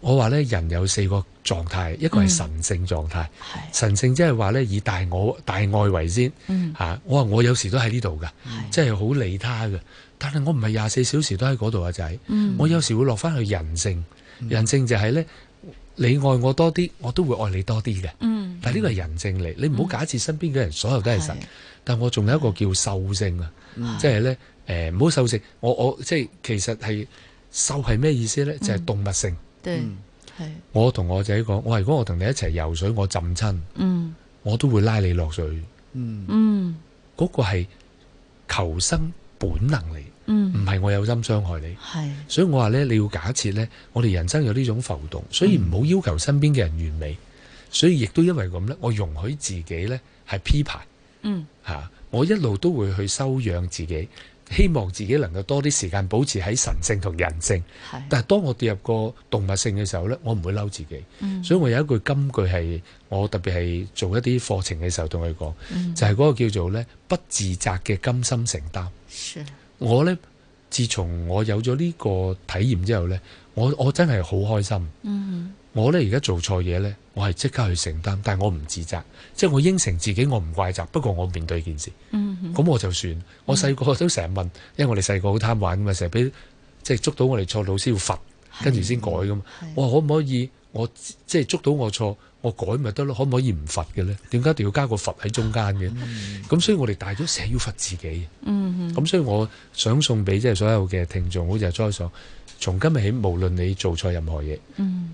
[SPEAKER 7] 我話咧人有四個狀態，一個係神性狀態，嗯、神性即係話咧以大我大愛為先。嗯，啊、我話我有時都喺呢度㗎，嗯、即係好利他嘅，但係我唔係廿四小時都喺嗰度嘅仔。我有時會落翻去人性。人性就係、是、咧，你愛我多啲，我都會愛你多啲嘅、嗯。但係呢個係人性嚟、嗯，你唔好假設身邊嘅人、嗯、所有都係神是。但我仲有一個叫獸性啊，即係咧誒唔好獸性。我我即係其實係獸係咩意思咧？就係、是、動物性。對、嗯
[SPEAKER 1] 嗯嗯，
[SPEAKER 7] 我同我仔講，我係如果我同你一齊游水，我浸親、嗯，我都會拉你落水。嗯，嗯，嗰個係求生本能嚟。唔係我有心傷害你，嗯、所以我話咧，你要假設呢我哋人生有呢種浮動，所以唔好要，要求身邊嘅人完美、嗯，所以亦都因為咁呢我容許自己呢係 P 牌。
[SPEAKER 5] 嗯、
[SPEAKER 7] 啊，我一路都會去收養自己，希望自己能夠多啲時間保持喺神性同人性，嗯、但係當我跌入個動物性嘅時候呢我唔會嬲自己、嗯，所以我有一句金句係我特別係做一啲課程嘅時候同佢講，就係、是、嗰個叫做呢不自責嘅甘心承擔。我呢，自從我有咗呢個體驗之後呢，我我真係好開心。Mm hmm. 我呢而家做錯嘢呢，我係即刻去承擔，但係我唔自責，即係我應承自己我唔怪責。不過我面對呢件事，咁、mm hmm. 我就算。我細個都成日問，因為我哋細個好貪玩嘛，成日俾即係捉到我哋錯，老師要罰，跟住先改噶嘛。我可唔可以我即係捉到我錯？我改咪得咯，可唔可以唔罰嘅咧？點解一定要加個罰喺中間嘅？咁、嗯、所以我哋大咗成日要罰自己。咁、嗯嗯、所以我想送俾即係所有嘅聽眾，好似阿莊所，從今日起，無論你做錯任何嘢、嗯，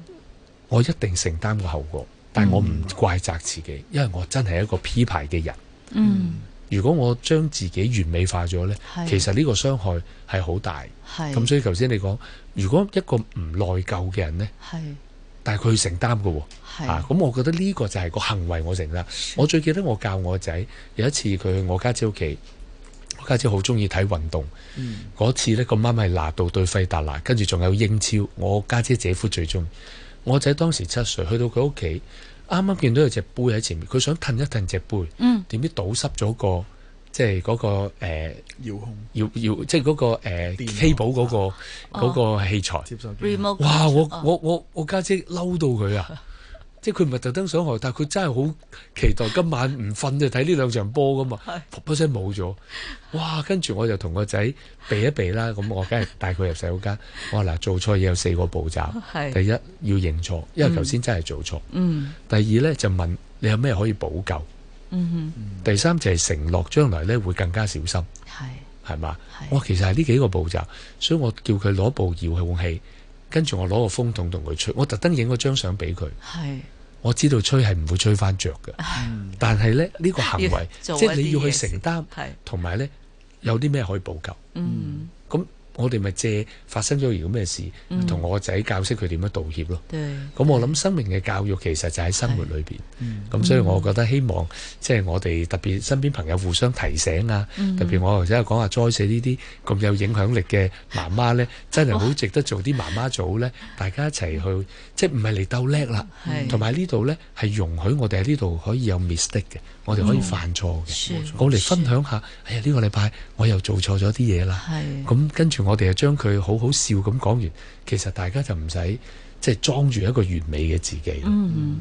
[SPEAKER 7] 我一定承擔個後果，但係我唔怪責自己，因為我真係一個 P 牌嘅人、嗯嗯。如果我將自己完美化咗呢，其實呢個傷害係好大。咁所以頭先你講，如果一個唔內疚嘅人呢。但係佢要承擔嘅喎、哦，的啊，咁我覺得呢個就係個行為我承擔。我最記得我教我仔有一次佢去我家姐屋企，我家姐好鍾意睇運動。嗰、嗯、次咧個媽咪拿到對費達拿，跟住仲有英超。我家姐姐夫最鍾意，我仔當時七歲，去到佢屋企，啱啱見到有隻杯喺前面，佢想㩒一㩒隻杯，點知倒濕咗個。即係嗰、那個誒、欸、遙控，遙遙即係嗰、那個誒希保嗰個嗰、哦那個、器材器哇器。哇！我我我我家姐嬲到佢啊！ <laughs> 即係佢唔係特登想學，但係佢真係好期待今晚唔瞓就睇呢兩場波噶嘛。噗噗聲冇咗，哇！跟住我就同個仔避一避啦。咁我梗係帶佢入洗手間。我話嗱，做錯嘢有四個步驟。第一要認錯，因為頭先真係做錯。嗯。第二咧就問你有咩可以補救。嗯、mm -hmm. 第三就係、是、承諾將來咧會更加小心，係係嘛，我其實係呢幾個步驟，所以我叫佢攞部遙控器，跟住我攞個風筒同佢吹，我特登影嗰張相俾佢，係我知道吹係唔會吹翻着嘅，但係咧呢、這個行為，即 <laughs> 係、就是、你要去承擔，同埋呢有啲咩可以補救
[SPEAKER 5] ，mm -hmm. 嗯。
[SPEAKER 7] 我哋咪借發生咗而咁咩事，同、嗯、我個仔教識佢點樣道歉咯。咁我諗生命嘅教育其實就喺生活裏面。
[SPEAKER 5] 咁、嗯、所以我
[SPEAKER 7] 覺得希望即係、就是、我哋特別身邊朋友互相提醒啊。嗯、特別我頭先講話 Joyce 呢啲咁有影響力嘅媽媽呢，嗯、真係好值得做啲媽媽組呢。大家一齊去即係唔係嚟鬥叻啦。同埋呢度呢，係容許我哋喺呢度可以有 mistake 嘅。我哋可以犯錯嘅、嗯，我嚟分享下。哎呀，呢個禮拜我又做錯咗啲嘢啦。咁跟住我哋就將佢好好笑咁講完，其實大家就唔使即係裝住一個完美嘅自己。嗯嗯。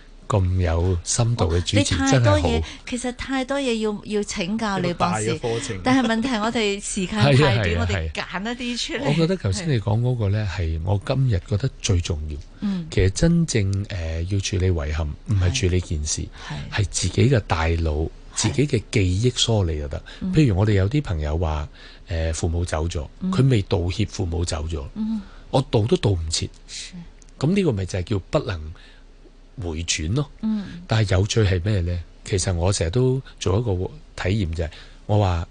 [SPEAKER 7] 咁有深度嘅主持，哦、多真係好。
[SPEAKER 1] 其實太多嘢要要請教李博士，但係問題係我哋時間太短， <laughs> 啊啊、我哋揀一啲出嚟。我覺得頭先你
[SPEAKER 7] 講嗰、那個呢，係、啊啊、我今日覺得最重要。嗯、其實真正、呃、要處理遺憾，唔係處理件事，係自己嘅大腦，自己嘅記憶梳理就得、啊。譬如我哋有啲朋友話呃、父母走咗，佢未道歉，父母走咗、嗯嗯，我道都道唔切。咁呢、啊、個咪就係叫不能回轉咯，但係有趣係咩呢？其實我成日都做一個體驗就係、是，我話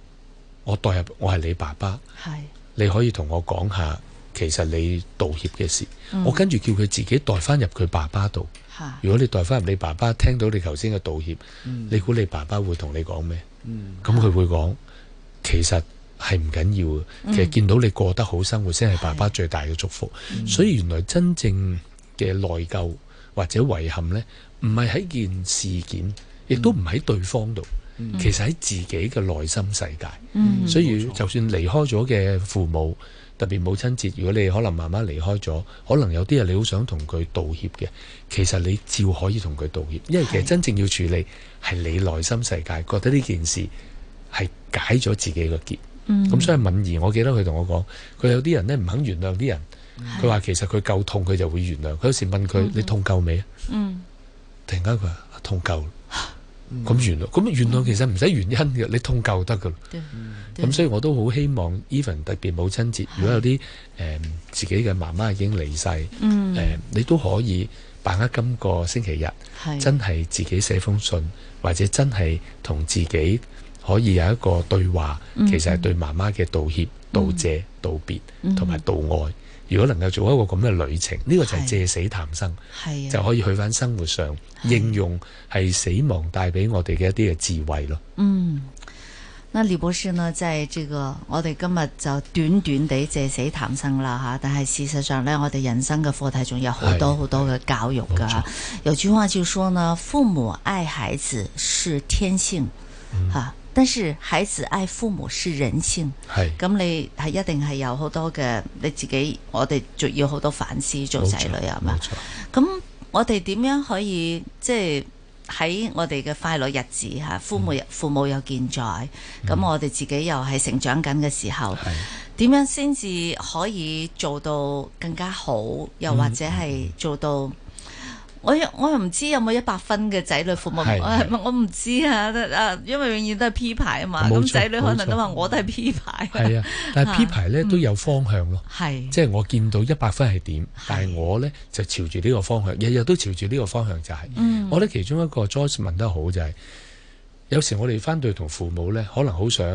[SPEAKER 7] 我代入我係你爸爸，你可以同我講下，其實你道歉嘅事、嗯，我跟住叫佢自己代翻入佢爸爸度。如果你代翻入你爸爸，聽到你頭先嘅道歉，嗯、你估你爸爸會同你講咩？咁、嗯、佢會講，其實係唔緊要嘅。其實見到你過得好生活，先係爸爸最大嘅祝福、嗯。所以原來真正嘅內疚。或者遺憾咧，唔係喺件事件，亦都唔喺對方度、嗯，其實喺自己嘅內心世界、嗯。所以就算離開咗嘅父母，嗯、特別母親節，如果你可能媽媽離開咗、嗯，可能有啲嘢你好想同佢道歉嘅，其實你照可以同佢道歉，因為其實真正要處理係你內心世界、嗯，覺得呢件事係解咗自己個結咁。嗯，所以敏儀，我記得佢同我講，佢有啲人咧唔肯原諒啲人。佢話其實佢夠痛，佢就會原諒。佢有時問佢：你痛夠未啊？嗯，突然間佢話痛夠，咁原諒咁原諒，其實唔使原因嘅。你痛夠得噶啦。
[SPEAKER 5] 咁所以
[SPEAKER 7] 我都好希望，even 特別母親節，如果有啲誒自己嘅媽媽已經離世，誒你都可以把握今個星期日，真係自己寫封信，或者真係同自己可以有一個對話，其實係對媽媽嘅道歉、道謝、道別同埋道愛。如果能夠做一個咁嘅旅程，呢、這個就係借死談生、啊，就可以去翻生活上、啊、應用，係死亡帶俾我哋嘅一啲嘅智慧咯。
[SPEAKER 1] 嗯，那李博士呢，在係、這個我哋今日就短短地借死談生啦，但係事實上呢，我哋人生嘅課題仲有好多好多嘅教育噶。有句話就是說呢，父母愛孩子是天性，嗯啊但是孩子愛父母是人性，係咁你係一定係有好多嘅，你自己我哋仲要好多反思做仔女啊嘛，咁我哋點樣可以即係喺我哋嘅快樂日子吓，父母、嗯、父母又健在，咁我哋自己又係成長緊嘅時候，嗯、點樣先至可以做到更加好，又或者係做到。我又我又唔知有冇一百分嘅仔女父母，我唔知啊，因為永遠都係 P 牌啊嘛，咁仔女可能都話我都係 P 牌。係啊， <laughs> 但係 P
[SPEAKER 7] 牌咧都有方向咯，即係我見到一百分係點，但係我咧就朝住呢個方向，日日都朝住呢個方向就係、是。嗯、我覺得其中一個 Joyce 問得好就係、是。有時我哋翻到同父母呢，可能好想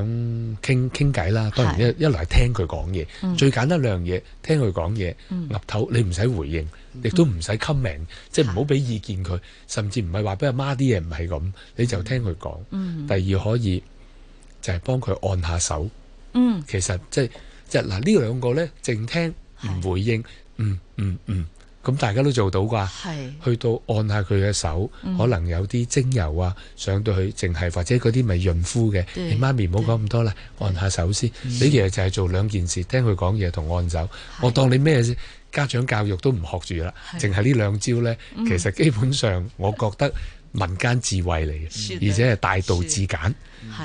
[SPEAKER 7] 傾傾偈啦。當然一一嚟聽佢講嘢，最簡單兩樣嘢，聽佢講嘢，岌、嗯、頭你唔使回應，亦都唔使 comment，即係唔好俾意見佢。甚至唔係話俾阿媽啲嘢唔係咁，你就聽佢講、嗯。第二可以就係幫佢按下手。嗯，其實即係即係嗱，呢、就是、兩個呢，靜聽唔回應。嗯嗯嗯。嗯嗯咁大家都做到啩？去到按下佢嘅手、嗯，可能有啲精油啊，上到去淨係或者嗰啲咪潤膚嘅。你、欸、媽咪唔好講咁多啦，按下手先。嗯、你其實就係做兩件事，聽佢講嘢同按手。我當你咩家長教育都唔學住啦，淨係呢兩招呢、嗯，其實基本上我覺得民間智慧嚟嘅，而且係大道至簡，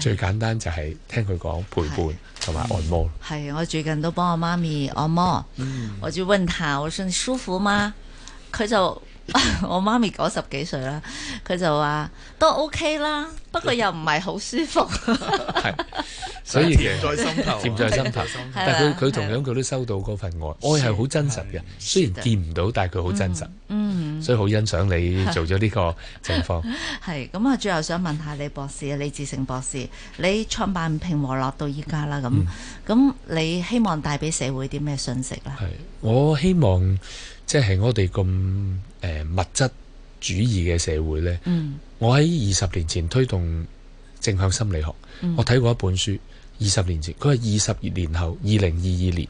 [SPEAKER 7] 最簡單就係聽佢講陪伴。同埋按摩，
[SPEAKER 1] 係、嗯、我最近都幫我媽咪按摩，哦嗯，我就問她，我說你舒服嗎？佢 <laughs> 就。 <noise> 我媽咪九十幾歲啦，佢就話都 OK 啦，不過又唔係好舒服，係， <laughs> 所以甜，就是，在心
[SPEAKER 7] 頭，在心頭， <laughs> 在心頭。但係佢佢同樣佢都收到嗰份愛，愛係好真實嘅，雖然見唔到，但係佢好真實，嗯，嗯嗯所以好欣賞你做咗呢個情況。
[SPEAKER 1] 係，咁 <laughs> 啊，最後想問下李博士啊，李志誠博士，你創辦平和樂到依家啦，咁、嗯，咁你希望帶俾社會啲咩信息啦？係，
[SPEAKER 7] 我希望即係、就是、我哋咁。物質主義嘅社會呢、嗯，我喺二十年前推動正向心理學，嗯、我睇過一本書。二十年前佢話二十年後二零二二年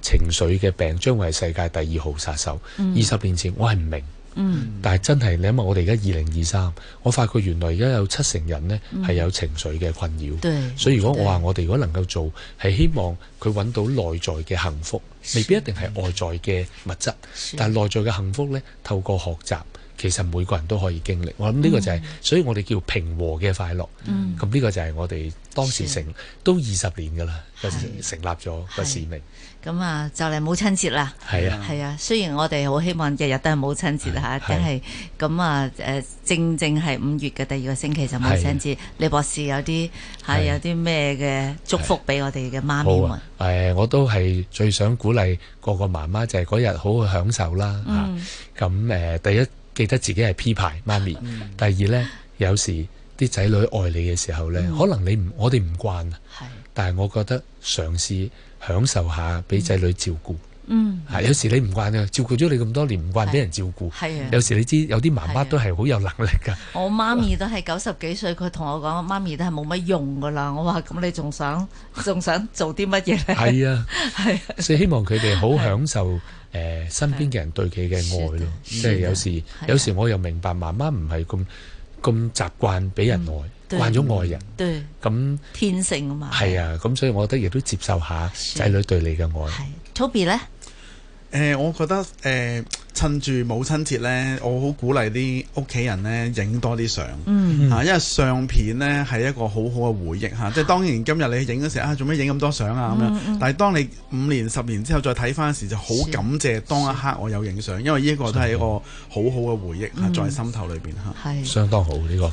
[SPEAKER 7] 情緒嘅病將會係世界第二號殺手。二、嗯、十年前我係唔明、
[SPEAKER 5] 嗯，
[SPEAKER 7] 但係真係你諗下，我哋而家二零二三，我發覺原來而家有七成人呢係有情緒嘅困擾、嗯。所以如果我話我哋如果能夠做，係、嗯、希望佢揾到內在嘅幸福。未必一定係外在嘅物質，是是但係內在嘅幸福呢，透過學習。其實每個人都可以經歷，我諗呢個就係、係嗯，所以我哋叫平和嘅快樂。咁、嗯、呢個就係我哋當時成都二十年㗎啦，成立咗個使命。
[SPEAKER 1] 咁啊，就嚟母親節啦。係啊，係啊。雖然我哋好希望日日都係母親節嚇，但係咁啊誒，正正係五月嘅第二個星期就母親節。李博士有啲係、啊、有啲咩嘅祝福俾我哋嘅媽咪們的的、
[SPEAKER 7] 啊哎？我都係最想鼓勵個個媽媽就係嗰日好好享受啦。咁、啊、誒、嗯啊嗯，第一。記得自己係 P 牌媽咪、嗯。第二呢，有時啲仔女愛你嘅時候呢、嗯，可能你唔，我哋唔慣。但係我覺得嘗試享受下俾仔女照顧。
[SPEAKER 5] 嗯，有
[SPEAKER 7] 時你唔慣，照顧咗你咁多年，唔慣俾人照顧。有時你知有啲媽媽都係好有能力㗎。
[SPEAKER 1] 我媽咪都係九十幾歲，佢同我講：我媽咪都係冇乜用㗎啦。我話：咁你仲想仲想做啲乜嘢咧？係啊，係
[SPEAKER 7] 啊。所以希望佢哋好享受。誒、呃，身邊嘅人對佢嘅愛咯，即係有時，的有時我又明白媽媽唔係咁咁習慣俾人愛，慣咗、嗯、愛人，咁、嗯、樣
[SPEAKER 6] 天性啊嘛，係
[SPEAKER 7] 啊，咁所以我覺得亦都接受下仔女對你嘅愛。
[SPEAKER 6] 係 Toby 咧？
[SPEAKER 7] 誒、呃，我覺得誒、呃，
[SPEAKER 6] 趁住母親節呢，我好鼓勵啲屋企人呢，影多啲相。嗯，吓、啊，因為相片呢係一個好好嘅回憶吓，即係、嗯、當然今日你影嗰時候啊，做咩影咁多相啊咁樣？嗯嗯，但係當你五年十年之後再睇翻時，就好感謝當一刻我有影相，因為呢個都係一個好好嘅回憶吓，在、嗯、心頭裏邊吓，係相當好呢、這個。